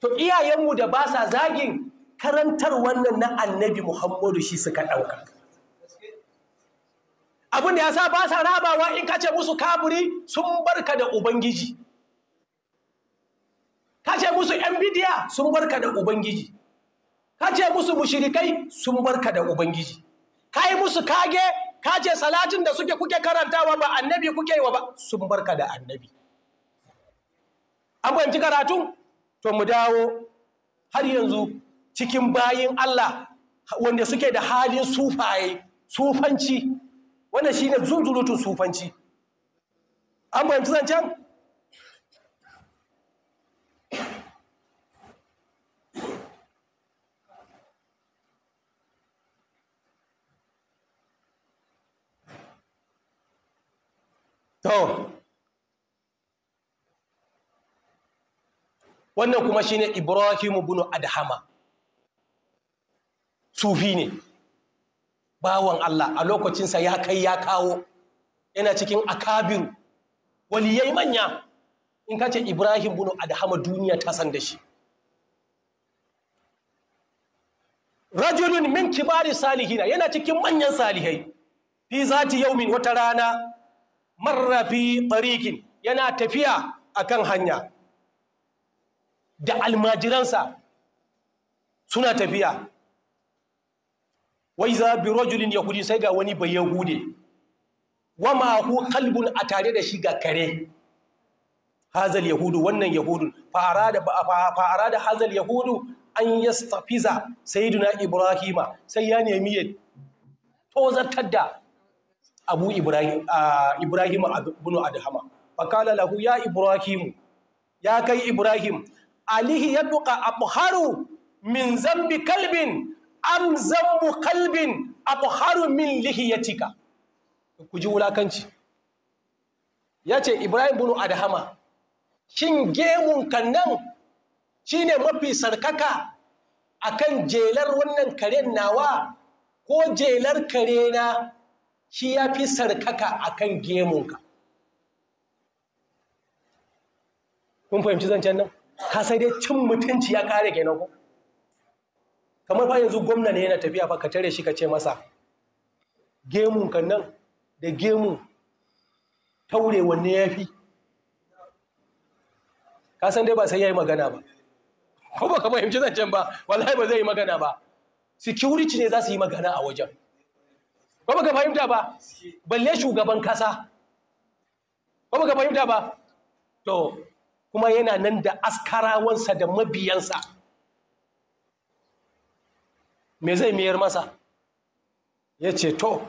to iyayenmu da ba sa zagin karantar wannan na annabi Muhammadu shi suka ɗauka abin da ya sa ba sa rabawa in ka ce musu kaburi sun barka da ubangiji Ka ce musu yan bidiya sun barka da ubangiji Ka ce musu mushirikai sun barka da ubangiji Ka yi musu kage ka ce salatin da suke kuke karantawa ba annabi kuke wa ba sun barka da annabi an ci karatun? to mu dawo har yanzu cikin bayin Allah wanda suke da halin sufaye sufanci wannan shi ne zunzurutun sufanci an fahimci zancen to wannan kuma shi ne Ibrahimu bin adhama sufi ne bawan Allah a lokacinsa ya kai ya kawo yana cikin akabiru waliyai manya in ka ce ibrahim bin adhama duniya ta san da shi rajulun min kibari salihina yana cikin manyan salihai fi zati yaumin wata rana marra fi tariqin yana tafiya akan hanya da almajiransa suna tafiya wai za bi rajulin yahudi sai ga wani bai yahude wa ma hu qalbun a tare da shi ga kare hazal yahudu wannan yahudun fara da hazal yahudu an yastafiza sayyiduna ibrahima sai ya nemi ya tozartar da abu ibrahim ibrahim ibn adhama fa lahu ya ibrahim ya kai ibrahim alihi ya yabqa abharu min zambi kalbin am zambu kalbin abu min lihiyatika ku ji wulakanci ya ce ibrahim bunu adahama shin gemunka nan shi ne mafi sarkaka akan jelar wannan karen nawa ko jelar kare na shi ya fi sarkaka akan gemunka kun fahimci zancen nan ka sai dai cin mutunci ya kare kenan ku. kamar fa yanzu gwamna ne yana tafiya fa ka tare shi ka ce masa Gemu kan nan da gemu taure wanne ya fi ka san dai ba sai ya yi magana ba ko ba ka fahimci zancen ba wallahi ba zai yi magana ba security ne za su yi magana a wajen ko ba ka fahimta ba balle shugaban kasa ko ba ka fahimta ba to kuma yana nan da askarawansa da mabiyansa me zai mayar masa ya ce to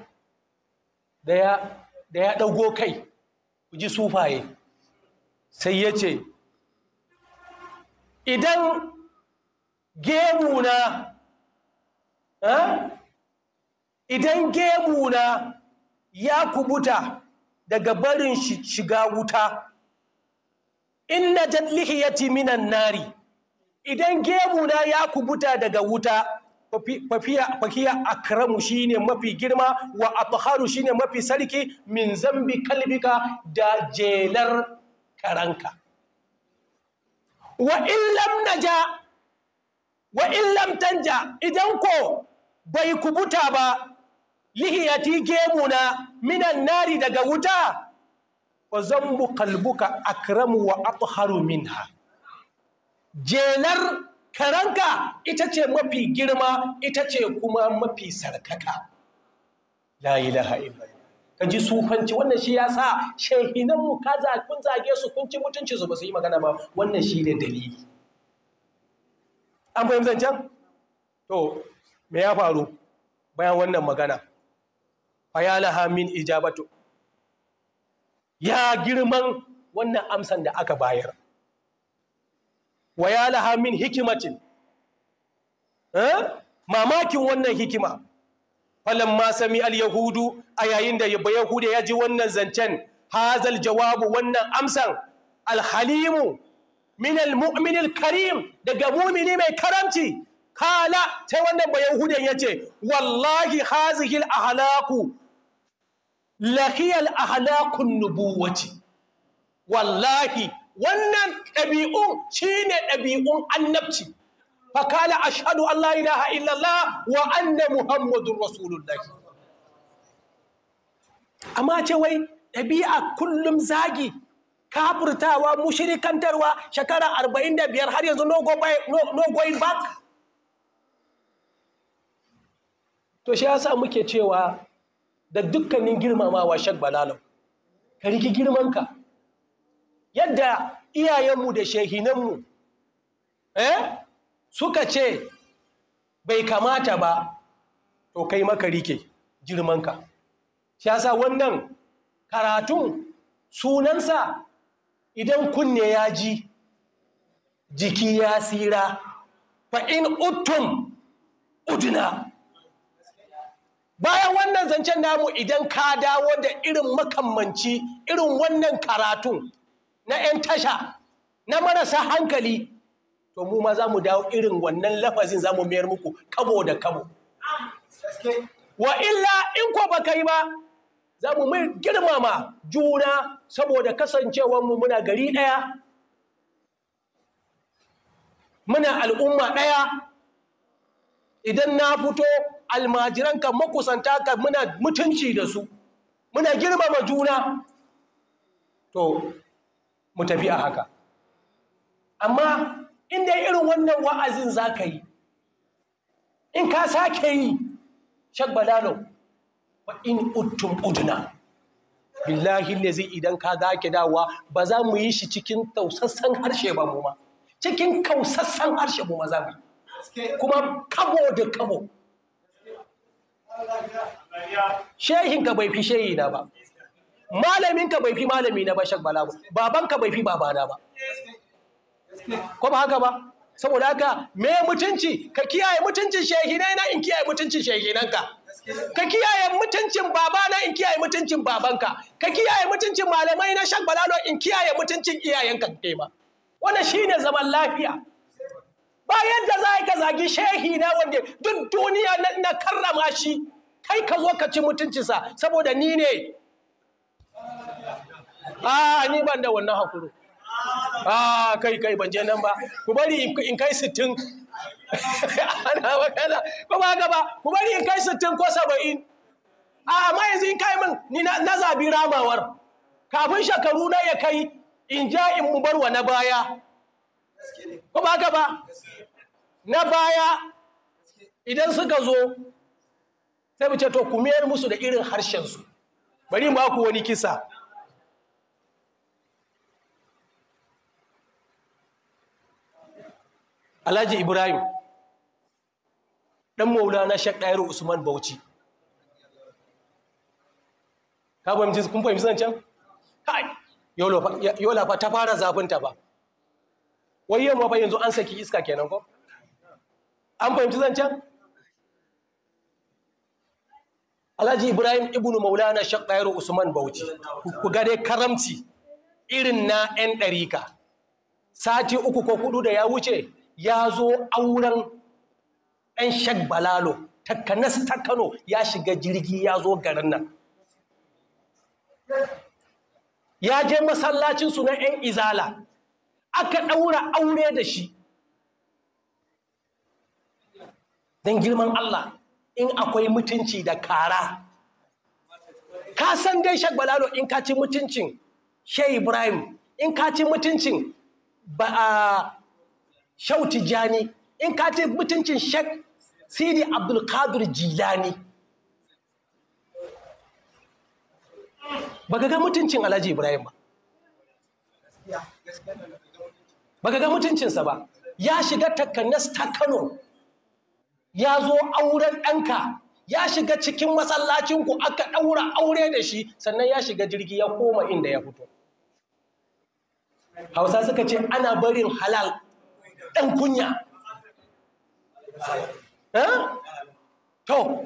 da ya ɗago kai ku ji sufaye sai ya ce idan gemuna idan na ya kubuta daga barin shiga wuta in na lihiyati minan nari idan gemu na ya kubuta daga wuta fafiya fakiya akramu ne mafi girma wa shi ne mafi sarki min zambi kalbika da jelar karanka wa in lam naja wa in lam tanja idan ko bai kubuta ba lihiyati gemuna minan nari daga wuta wa zambu kalbuka akramu wa atharu minha jelar karanka ita ce mafi girma ita ce kuma mafi sarkaka la ilaha illallah ka ji sufanci wannan shi ya sa shehinan mu ka kun zage su kun ci mutunci su ba su yi magana ba wannan shi ne dalili an fahimtar can to me ya faru bayan wannan magana fayalaha min ijabatu ya girman wannan amsan da aka bayar wa ya laha min hikimatin eh? mamakin wannan hikima falan ma sami al yahudu a yayin da yahuda ya ji wannan zancen hazal jawabu wannan amsan alhalimu min Al-muminil karim daga mumini mai karamci kala ta wannan ba ya yace wallahi hazihi alahlaku lahiyal ahlakun nubuwaci wallahi wannan ɗabi'un shine ɗabi'un annabci fakala ashhadu allah la ilaha illallah wa anna muhammadun rasulullah amma ce wai ɗabi'a kullum zagi kafurtawa mushirikantarwa shekara arba'in da biyar har yanzu no going back to shi yasa muke cewa da dukkanin girmamawa shek balalau ka riki girmanka yadda iyayenmu da shehinanmu eh suka ce bai kamata ba to kai maka rike girmanka shi yasa wannan karatun sunansa idan kunne ya ji jiki ya tsira fa in uduna bayan wannan zancen namu idan ka dawo da irin makamanci irin wannan karatun na 'yan tasha na marasa hankali to mu ma za mu dawo irin wannan lafazin za mu mayar muku kabo da kabo wa illa in ko ba kai ba za mu mai girmama juna saboda kasancewarmu muna gari ɗaya muna al'umma ɗaya idan na fito almajiranka makusanta ka muna mutunci da su muna girmama juna to mu tafi a haka amma inda irin wannan wa'azin za ka yi in ka sake yi shak balalo wa in utun uduna billahi zai idan ka ke dawa ba za mu yi shi cikin tausassan harshe ba mu ma cikin kausassan harshe mu ma za mu yi kuma kabo da kabo shehinka bai fi shehina ba malaminka bai fi malami na bashak bala ba babanka bai fi babana ba ko ba haka ba saboda haka me mutunci ka kiyaye mutuncin shehi na in kiyaye mutuncin shehinanka ka kiyaye mutuncin babana in kiyaye mutuncin babanka ka kiyaye mutuncin malamai na shak balalo in kiyaye mutuncin iyayenka kai ma wannan shine zaman lafiya ba yadda za ka zagi shehi na wanda duk duniya na karrama shi kai ka zo ka ci mutuncinsa saboda ni ne a ni ban da wannan hakuri a kai kai ban je nan ba ku bari in kai sittin ana wakala ko ba ba ku bari in kai sittin ko 70 a amma yanzu in kai min ni na zabi ramawar kafin shekaru na ya kai in ja in mu bar wa na baya ko ba ba na baya idan suka zo sai mu ce to ku mayar musu da irin harshen su bari mu ba ku wani kisa alhaji ibrahim ɗan maulana Sheikh Dairu usman bauchi ka fahimci kun fahimci zancan? kai yola fa ta fara zafinta ba wai yamma fa yanzu an saki iska kenan ko an fahimci zancan? alhaji ibrahim ibn maulana Sheikh Dairu usman bauchi ku gare karamci irin na ɗan ɗarika sati uku ko hudu da ya wuce ya zo auren ɗan shag balalo takanas ta kano ya shiga jirgi ya zo garin nan ya je masallacin na 'yan izala aka ɗaura aure da shi don girman Allah in akwai mutunci da kara ka san dai shag balalo in ka ci mutuncin shey ibrahim in ka ci mutuncin ba ah, shau tijjani in ka ce mutuncin shek sidi abdulkadir jilani ba ga mutuncin alhaji ibrahim ba ba ga mutuncinsa ba ya shiga takanas ta kano ya zo auren ɗanka ya shiga cikin masallacinku aka ɗaura aure da shi sannan ya shiga jirgi ya koma inda ya fito hausa suka ce ana barin halal ɗan kunya eh? to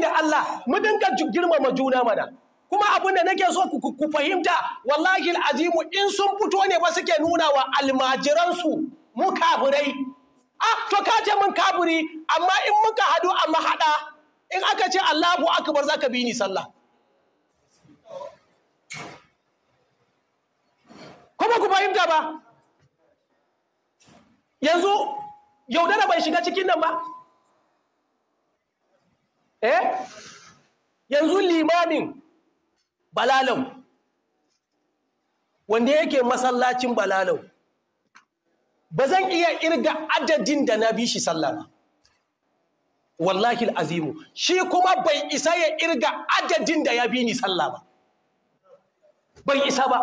da Allah mu dinga girmama juna mana kuma abin da nake so ku fahimta wallahi azimu in sun fito ne ba suke nuna wa almajiransu mu kafirai ah to ka ce mun kafiri amma in muka hadu a mahaɗa in aka ce Allahu akbar ka bi ni sallah kuma ku fahimta ba yanzu yaudara bai shiga cikin nan ba eh yanzu limamin balalau wanda yake masallacin balalau ba zan iya irga adadin da na bi shi sallah ba wallahi azimu shi kuma bai isa ya irga adadin da ya bi ni sallah ba bai isa ba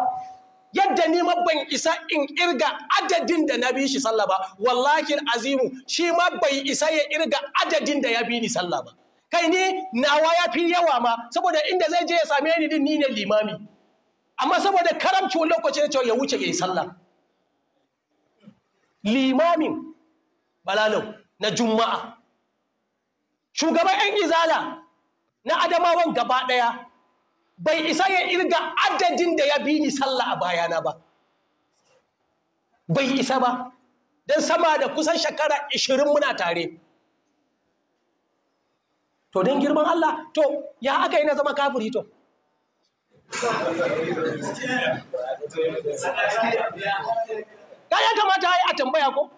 yadda ni ma ban isa in irga adadin da na bi shi sallah ba wallahi azimu shi ma bai isa ya irga adadin da ya bi ni sallah ba kai ni nawa ya fi yawa ma saboda inda zai je ya same ni din ni ne limami amma saboda karamci wani lokaci cewa ya wuce ya yi sallah limamin balalau na juma'a shugaban 'yan izala na adamawan gaba ɗaya bai isa ya irga adadin da ya bi ni sallah a bayana ba bai isa ba don sama da kusan shekara ishirin muna tare to don girman Allah to ya aka yi na zama kafiri to ya kamata a tambaya ko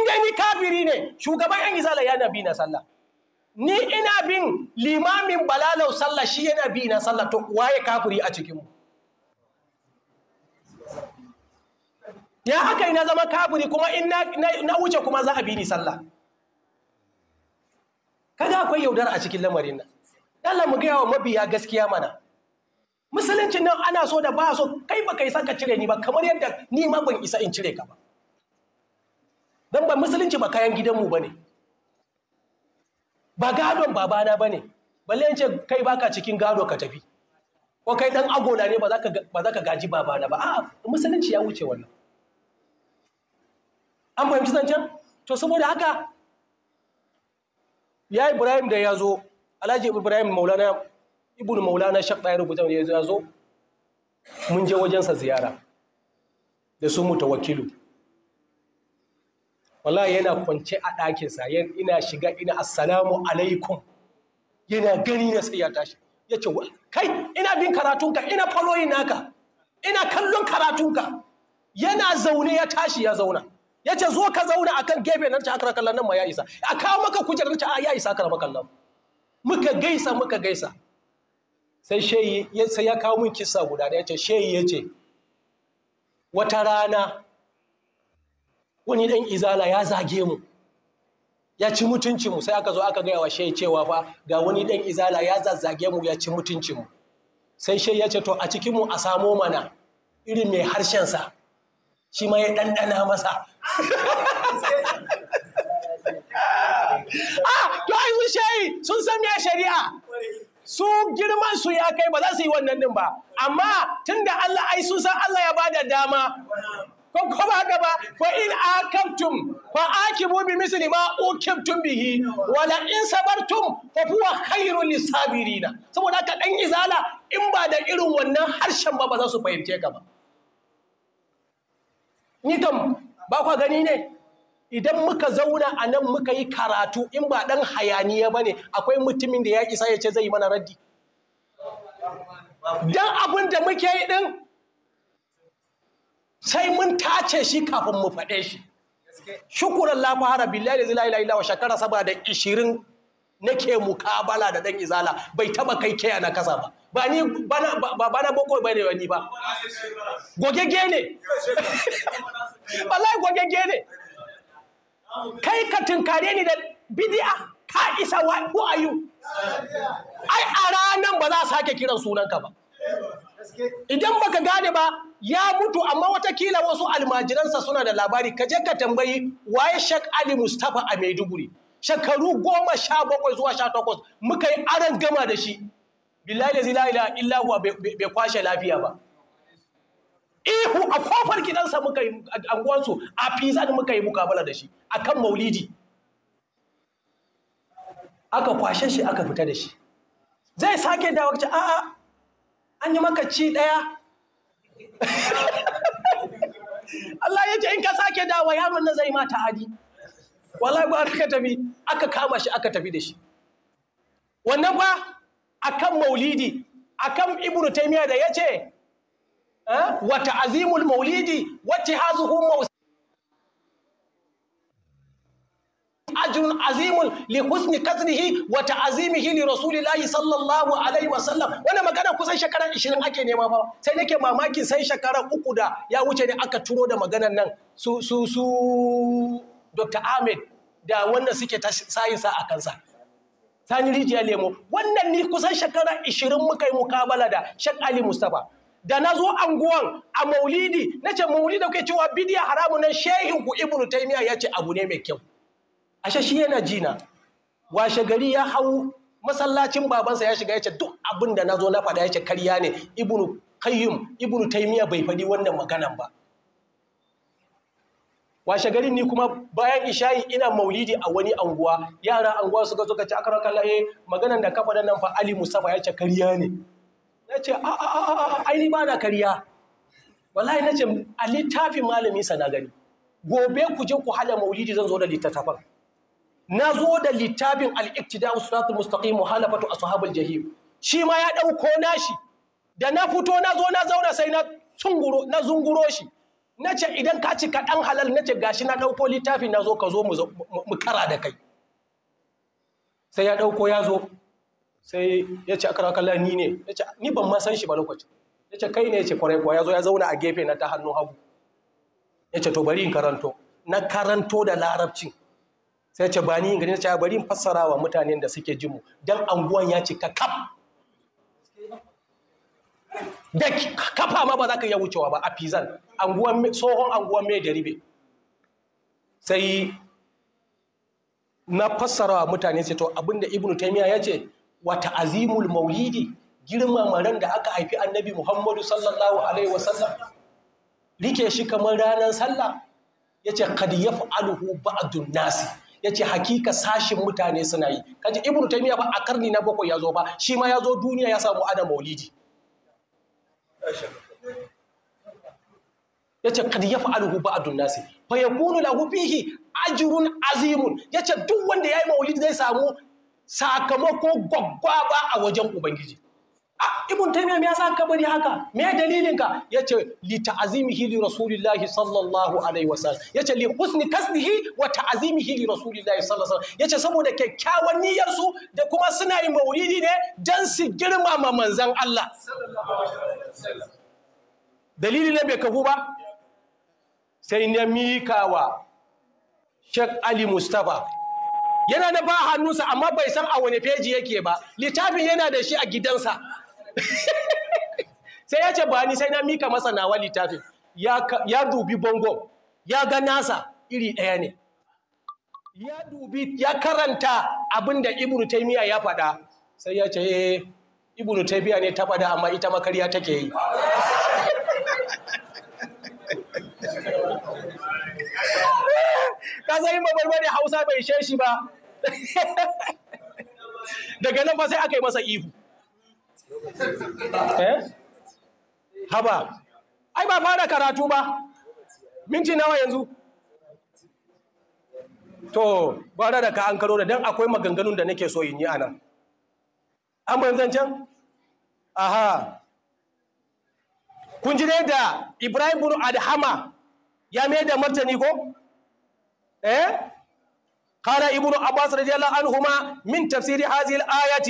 in ni kafiri ne shugaban yan izala ya nabi na sallah ni ina bin limamin balalau sallah shi yana bi na sallah to waye kafiri a cikinmu ya aka ina zama kafiri kuma in na wuce kuma za a bi ni sallah kaga akwai yaudara a cikin lamarin nan dalla mu ga mabiya gaskiya mana Musulunci nan ana so da ba so kai ba kai saka cire ni ba kamar yadda ni ma ban isa in cire ka ba dan ba musulunci ba kayan gidanmu bane ba gadon babana ba ne balle yance kai baka cikin gado ka tafi ko kai dan agona ne ba za ka gaji babana ba a musulunci ya wuce wannan an fahimci zancen to saboda haka ya ibrahim da ya zo alhaji ibrahim maulana ibn maulana shak ɗaya rubuta ya zo mun je wajensa ziyara da su mu wakilu wala yana kwance a ɗakinsa ina shiga ina assalamu alaikum yana gani na sai ya tashi ya ce kai ina bin karatunka ina faloyi naka ina kallon karatunka yana zaune ya tashi ya zauna ya ce zo ka zauna a kan gefe nan akara kallon nan ma ya isa a kawo maka kujerar ta ya isa akara kallon muka gaisa muka gaisa sai shehi sai ya kawo min kisa guda da ya ce shehi ya ce wata rana wani ɗan izala ya zage mu ya ci mutuncinmu sai aka zo aka gaya wa shai cewa fa ga wani ɗan izala ya zazzage mu ya ci mutuncin mu. sai shai ya ce to a cikinmu a samo mana irin mai harshensa shi ma ya ɗanɗana masa ah to ai sun shayi sun san me shari'a su girman su ya kai ba za su yi wannan din ba amma tunda Allah ai sun san Allah ya bada dama ko ko ba haka ba fa in akamtum fa akibu bi misli ma ukimtum bihi wala in sabartum fa huwa khairul lisabirina saboda haka dan izala in ba da irin wannan harshen ba ba za su fahimce ka ba ni kam ba kwa gani ne idan muka zauna a nan muka yi karatu in ba ɗan hayaniya ba ne akwai mutumin da ya isa ya ce zai mana raddi Dan abin da muke yi din. sai mun tace shi kafin mu faɗe shi Allah lafa hara billahi da zila ila wa shakara saba da ishirin nake mukabala da ɗan izala bai taɓa kai kaya na kasa ba ba ni bana ba bana boko ba ne wani ba Gogege ne wallahi gogege ne kai ka tunkare ni da bid'a ka isa wa ko ayu. ai a ranan ba za a sake kiran sunanka ba idan baka gane ba ya mutu amma watakila wasu almajiransa suna da labari ka je ka tambayi waye shak ali mustapha a maiduguri shekaru goma sha bakwai zuwa sha takwas muka yi aron gama da shi billahi la ilaha illa huwa bai kwashe lafiya ba ihu a kofar gidansa muka yi anguwansu a fizan muka yi mukabala da shi akan maulidi aka kwashe shi aka fita da shi zai sake dawo ce a'a an yi maka ci daya. Allah ya ce in ka sake wa yaron na zai mata adi. wallahi ba aka tafi aka kama shi aka tafi da shi wannan fa akan maulidi akan ibnu Taymiyyah da yace eh, wa ta'zimul maulidi wa tihazuhu ajrun azimun li husni kasrihi wa ta'azimihi li rasulillahi sallallahu alaihi wannan magana kusan shekara 20 ake nema fa sai nake mamakin sai shekara uku da ya wuce ne aka turo da maganar nan su su su Dr. Ahmed da wannan suke ta sayinsa a kansa Sani Rijiya Lemo wannan ni kusan shekara 20 muka yi mukabala da shek Ali Mustafa da na zo anguwan a maulidi na ce maulidi da kuke cewa bidiya haramu nan shehin ku ibnu taymiya ya ce abu ne mai kyau ashe shi yana jina washe gari ya hau masallacin babansa ya shiga ya ce duk abin da na zo na fada ya ce karya ne ibnu kayyum ibnu Taimiyya bai faɗi wannan maganan ba washe garin ni kuma bayan ishayi ina maulidi a wani anguwa yara anguwa suka zo ci akara raka eh maganan da kafa nan fa Ali Mustafa ya ce kariya ne nace a a a a ai ni ba na kariya wallahi nace a littafin malami sana gani gobe ku je ku hada maulidi zan zo da littattafan na zo da littafin wasu al mu usratul mustaqim a sahabar jahim shi ma ya ɗauko nashi da na fito na zo na zauna sai na zunguro na zunguro shi ce idan ka ci ka dan halal ce gashi na ɗauko littafi na zo ka zo mu kara da kai sai ya ɗauko ya zo sai ya ce akara kallon ni ne ya ce ni ban ma san shi ba lokacin ya ce kai ne ya ce kwarai kuwa ya zo ya zauna a gefe na ta hannun hagu ya ce to bari in karanto na karanto da larabcin sai ce ba ni gani na ce bari in fassara wa mutanen da suke jin dan anguwan ya cika kaf da kafa ma ba za ka iya wucewa ba a fizan tsohon anguwan mai da ribe sai na fassara wa mutane sai to abinda ibnu taimiya ya ce wata azimul maulidi girmama ran da aka haifi annabi muhammadu sallallahu alaihi wasallam rike shi kamar ranar sallah ya ce aluhu yaf'aluhu ba'dun nasi ya ce hakika sashin mutane suna yi kaji ibn taymiya ba a karni na bakwai ya zo ba shi ma ya zo duniya ya samu adam maulidi Yace ce kad ya fa'aluhu ba'dun nasi fa yakunu lahu fihi ajrun azimun ya ce duk wanda ya yi maulidi zai samu sakamako ba a wajen ubangiji ibn taymiya ya yasa ka bari haka me dalilin ka yace li ta'zimihi li rasulillahi sallallahu alaihi wasallam yace li husni kasbihi wa ta'zimihi li rasulillahi sallallahu alaihi wasallam yace saboda kyakkyawan niyyar su da kuma suna yin maulidi ne dan su girmama manzon Allah dalili ne bai kafu ba sai na mikawa Sheikh Ali Mustafa yana da ba hannunsa amma bai san a wani feji yake ba littafin yana da shi a gidansa sai ya ce ba ni sai na mika masa nawa littafin ya dubi bongo ya ga nasa iri ɗaya ne ya dubi ya karanta abin da ibnu ya faɗa sai ya ce eh, ibnu taimiya ne ta faɗa amma ita makarya take yi ka san in babbar ne hausa bai shi ba daga nan ba sai aka yi masa ihu Eh? haba ai ba fara karatu ba minti nawa yanzu to bara da ka an karo da dan akwai maganganun da nake so yin yi anan an bayan zancen aha kun jire da ibrahim bin adhama ya mai da martani ko eh قال ابن عباس رضي الله عنهما من تفسير هذه الآية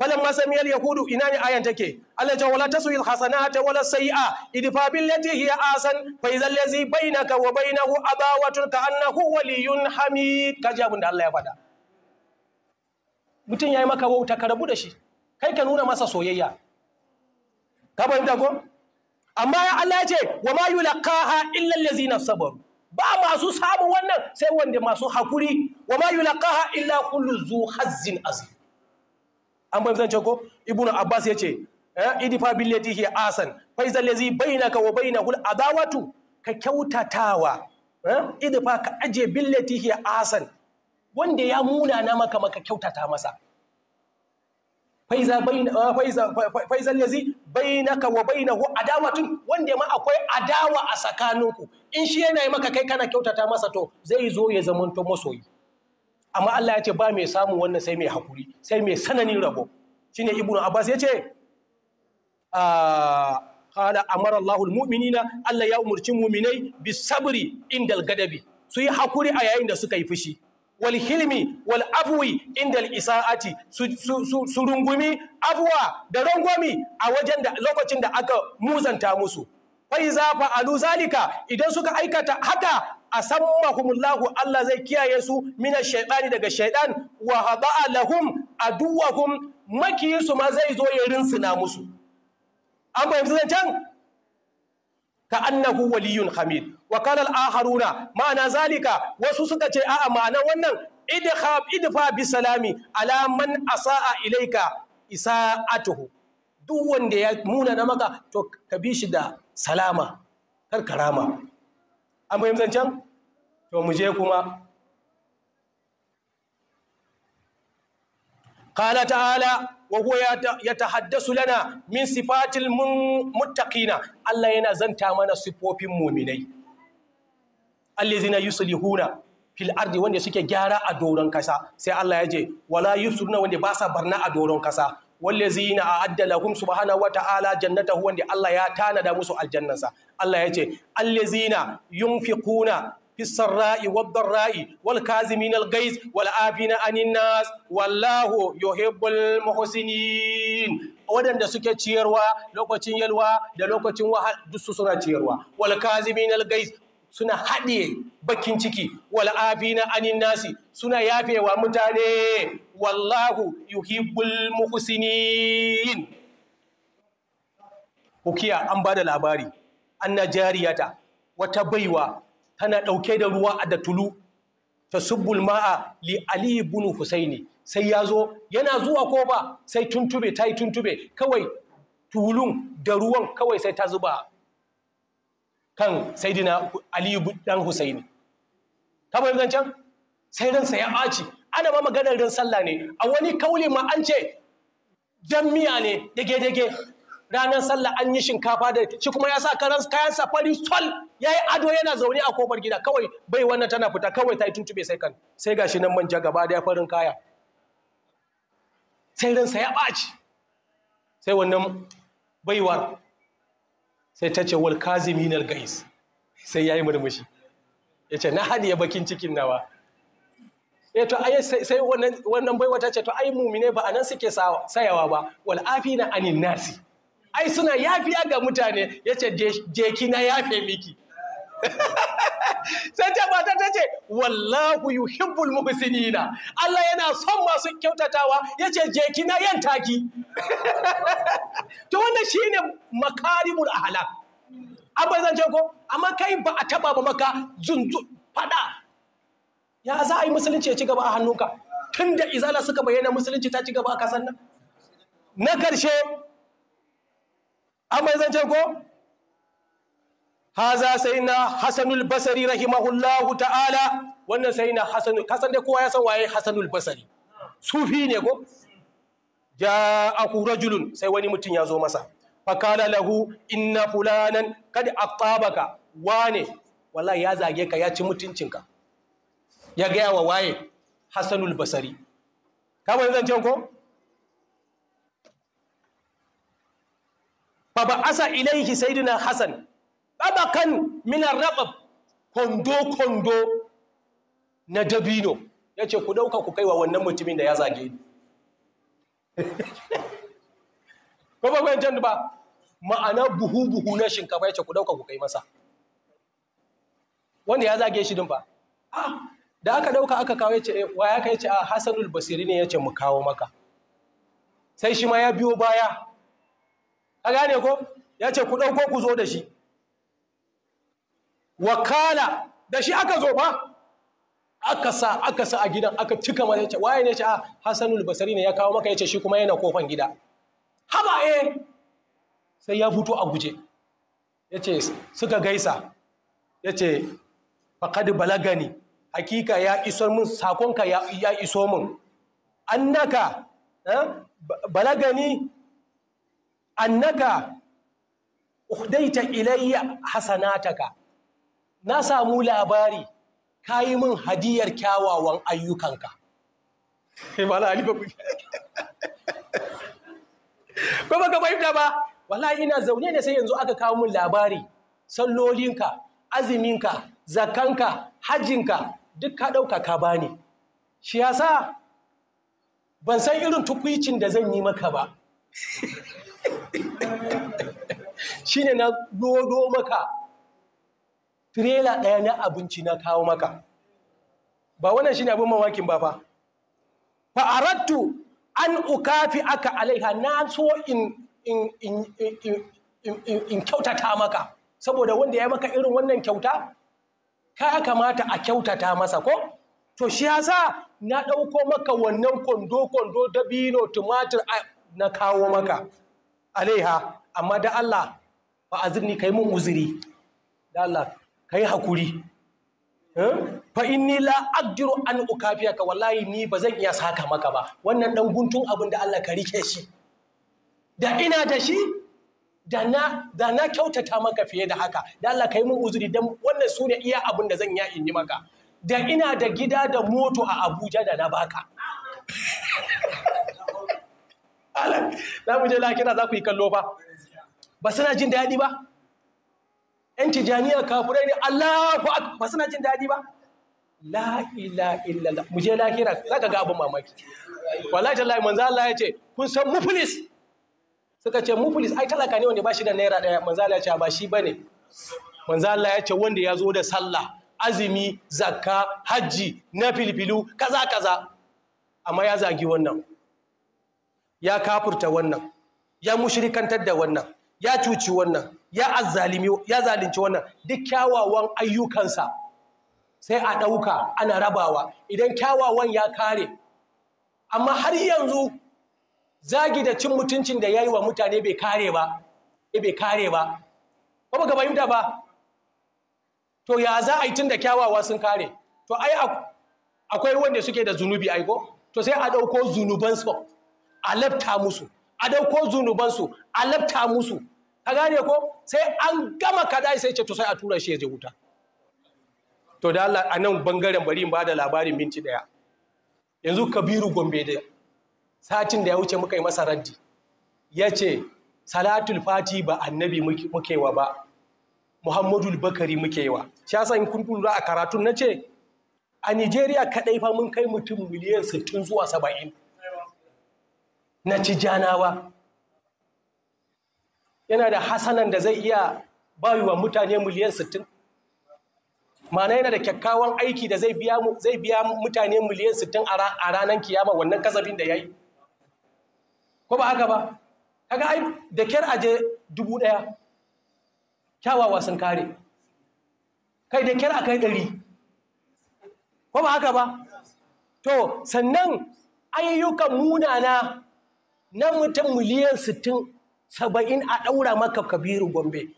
فلما سمي اليهود إنان آية تكي الله جوالا تسوي الحسنات ولا السيئة إدفع بالتي هي آسن فإذا الذي بينك وبينه أداوة كأنه ولي حميد كجاب الله يفدا mutum ya yi maka wauta ka rabu da shi kai ka كابا masa soyayya ka fahimta ko amma ya Allah ya ce ba masu samun wannan sai wanda masu hakuri wa ma yulaqaha illa kullu zu hazzin azim an banzance ko ibnu abbas yace ce, eh, idifa billati hi asan fa izal ladhi bainaka wa bainahu adawatu ka kyautatawa eh, idifa ka aje billati asan wanda ya muna na maka maka kyautata masa faiza ah, faizan yazi bainaka wa bainahu adawatun wanda ma akwai adawa a tsakaninku in shi yana yi maka kai kana kyautata masa to zai zo ya zamanto masoyi amma Allah ya ce ba mai samu wannan sai mai hakuri sai mai sananin rabo shine ibnu abbas ya ce ah, qala amara Allahul mu'minina Allah ya umurci mu'minai bi sabri indal gadabi su yi hakuri a yayin da suka yi fushi wal hilmi wal afwi inda al isaati su rungumi afwa da rangwami a wajen da lokacin da aka muzanta musu fai za fa alu zalika idan suka aikata haka a asammahumullahu Allah zai kiyaye su mina shaiɗani daga shaytan wa a lahum aduwahum makiyinsu ma zai zo ya rinsuna musu an fahimci zancen ka annahu waliyun hamid wa a Haruna, ma'ana zalika wasu suka ce a'a ma'ana wannan idfa bi salami ala man asa'a ilaika isa'atuhu duk wanda ya muna na maka to ka bi shi da salama kar karama an fahimci zancen to mu je kuma قال تعالى وهو يتحدث لنا من صفات المتقين الله ينا زنتا منا صفوف المؤمنين allazina yuslihuna fil ardi wanda suke gyara a doron kasa sai Allah ya ce wala yusruna wanda ba sa barna a doron kasa wallazina a'adda lahum subhanahu wa ta'ala jannatahu wanda Allah ya tanada musu aljannansa Allah ya ce allazina yunfiquna fis sarra'i wad dharra'i wal kazimin al ghaiz wal afina anin nas wallahu yuhibbul muhsinin wadanda suke ciyarwa lokacin yalwa da lokacin wahal duk su suna ciyarwa wal kazimin al ghaiz suna haɗiye bakin ciki wal'afi na anin nasi suna yafewa mutane wallahu yuhibbul muhsinin hukiya an bada labari anna jariyata wata baiwa tana ɗauke da ruwa a da tulu ta subbul ma'a li ali ibn husaini sai ya zo yana zuwa ko ba sai tuntube ta yi tuntube kawai tulun da ruwan kawai sai ta zuba kan saidina aliyu dan husaini kamar yanzu zancen sai ransa ya ɓaci ana ba maganar ran sallah ne a wani kauli ma an ce jan miya ne dage-dage ranar sallah an yi shinkafa da shi kuma ya sa karan kayan safari sol ya yi ado yana zaune a kofar gida kawai bai wannan tana fita kawai ta yi tuntube sai kan sai gashi nan manja gaba da farin kaya sai ransa ya ɓaci sai wannan baiwar sai ta ce wal kaziminar gais sai ya yi murmushi ya ce na hadiye bakin cikin nawa to ai sai wannan baiwa ta ce to ai mumine ba anan suke sayawa ba wal afina anin nasi ai suna yafiya ga mutane yace je jeki na yafe miki sai ta mata ta ce wallahu yuhibbul muhsinina Allah yana son masu kyautatawa yace je na yan taki to wannan shine makarimul ahlak abba zan ce ko amma kai ba a taba ba maka zunzu fada ya za a yi musulunci ya ci gaba a hannunka tun da izala suka bayyana musulunci ta ci gaba a kasan nan na karshe amma zan ce ko haza sai na hasanul basari rahimahullahu ta'ala wannan sai na hasanul kasan da kowa ya san waye hasanul basari sufi ne ko ja'ahu rajulun sai wani mutum ya zo masa fakala lahu inna fulanan kad aqtabaka wane wallahi ya zage ka ya ci mutuncinka ya gaya wa waye hasanul basari zan ce ko fa ba asa ilaihi sayyidina hasan ɗabakan minar raɓa kwando-kwando na dabino ya ce ku ɗauka ku kaiwa wannan mutumin da ya zage ni ko ba kwanciyar ba ma'ana buhu-buhu na shinkafa ya ce ku ɗauka ku kai masa wanda ya zage shi din ba da aka ɗauka aka kawo ya ce eh, wa ya kai ce a ah, hasanul basiri ne ya ce mu kawo maka sai shi ma ya biyo baya a gane ko ya ce ku ɗauko ku zo da shi wakala da shi aka zo ba aka sa aka sa a gidan aka cika mana yace waye ne yace a ah, Hassanul Basri ne ya kawo maka yace shi kuma yana kofan gida haba eh sai ya fito a guje yace suka gaisa yace faqad balagani hakika ya iso mun, sakonka ya, ya iso mun. annaka eh, balagani annaka uhdaita ilayya hasanataka na samu labari ka yi min hadiyar kyawawan ayyukanka mala ali babu ko baka fahimta ba wallahi ina zaune ne sai yanzu aka kawo min labari sallolinka aziminka zakanka hajjinka duk ka ɗauka ka bani shi yasa ban san irin tukwicin da zan yi maka ba Shi ne na dodo maka tirela ɗaya na abinci na kawo maka ba wannan shi ne abin mawakin ba fa a ratu an ukafi aka alaiha na so in kyautata maka saboda wanda ya maka irin wannan kyauta ka kamata a kyautata masa ko to shi ya sa na ɗauko maka wannan kwando kwando dabino tumatir na kawo maka alaiha amma da Allah ba a ka yi mun uzuri da Allah ka yi hakuri eh? fa inni la an ukafiya ka wallahi ni ba zan iya saka maka ba wannan dan guntun abin da Allah ka rike shi da ina da shi da na kyautata maka fiye da haka da Allah ka yi min uzuri dan wannan su iya abin da zan iya in yi maka da ina da gida da moto a Abuja da na baka Allah za mu je lakira za ku yi kallo ba ba suna jin daɗi ba ‘yan tijaniya kafurai ne Allah ba suna jin daɗi ba La'ila ila mu je lahira za ka ga abin mamaki wallahi tallahi Allah ya ce kun san mufulis? suka ce mufulis ai talaka ne wanda ba shi da naira ɗaya, manzo Allah ya ce ba shi ba ne? manzo Allah ya ce wanda ya zo da sallah azumi zakka hajji na filfilu kaza kaza amma ya zagi wannan ya kafurta wannan ya mushrikantar da wannan ya cuci wannan ya azzalimi ya zalunci wannan duk kyawawan ayyukansa sai a ɗauka ana rabawa idan kyawawan ya kare amma har yanzu zagi da cin mutuncin da ya yi wa mutane bai kare ba eh, bai kare ba ba ga fahimta ba to ya za a yi tun da kyawawa sun kare to ai akwai wanda suke da zunubi aiko to sai a ɗauko zunubansu a lafta musu a ɗauko zunubansu a lafta musu a gane ko sai an gama kaɗai sai ce to sai a tura shi ya je wuta to da Allah a nan bangaren bari in ba da labarin minti ɗaya yanzu kabiru gombe dai. satin da ya wuce muka yi masa raddi ya ce salatul fati ba annabi muke wa ba muhammadu bakari muke wa shi yasa in kun lura a karatun na ce a nigeria kaɗai fa mun kai mutum miliyan 60 zuwa 70 na ci janawa yana da hasanan da zai iya bayuwa mutane miliyan 60 ma'ana yana da kyakkyawan aiki da zai biya mutane miliyan 60 a ranar kiyama wannan kasafin da ya yi ko ba haka ba kaga ai da kyar aje dubu ɗaya kyawawa sun kare kai da kyar a kai ɗari ko ba haka ba to sannan ayyukan munana na mutum miliyan sittin saba'in a ɗaura maka kabiru gombe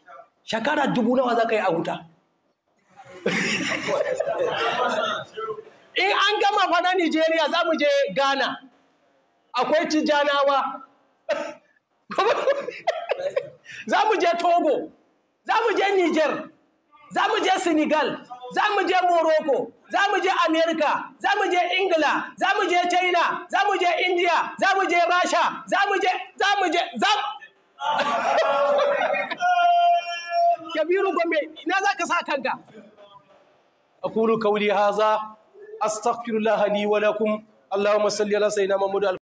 shekara dubu nawa za ka yi a wuta in an gama fana nigeria za mu je ghana akwai tijanawa za mu je togo za mu je niger za mu je senegal za mu je morocco za mu je america za mu je ingila za mu je china za mu je india za mu je rasha za mu je za mu je za mu kabiru gombe ina za ka sa kanka a kuru haza astaghfirullah li wa lakum allahumma salli ala sayyidina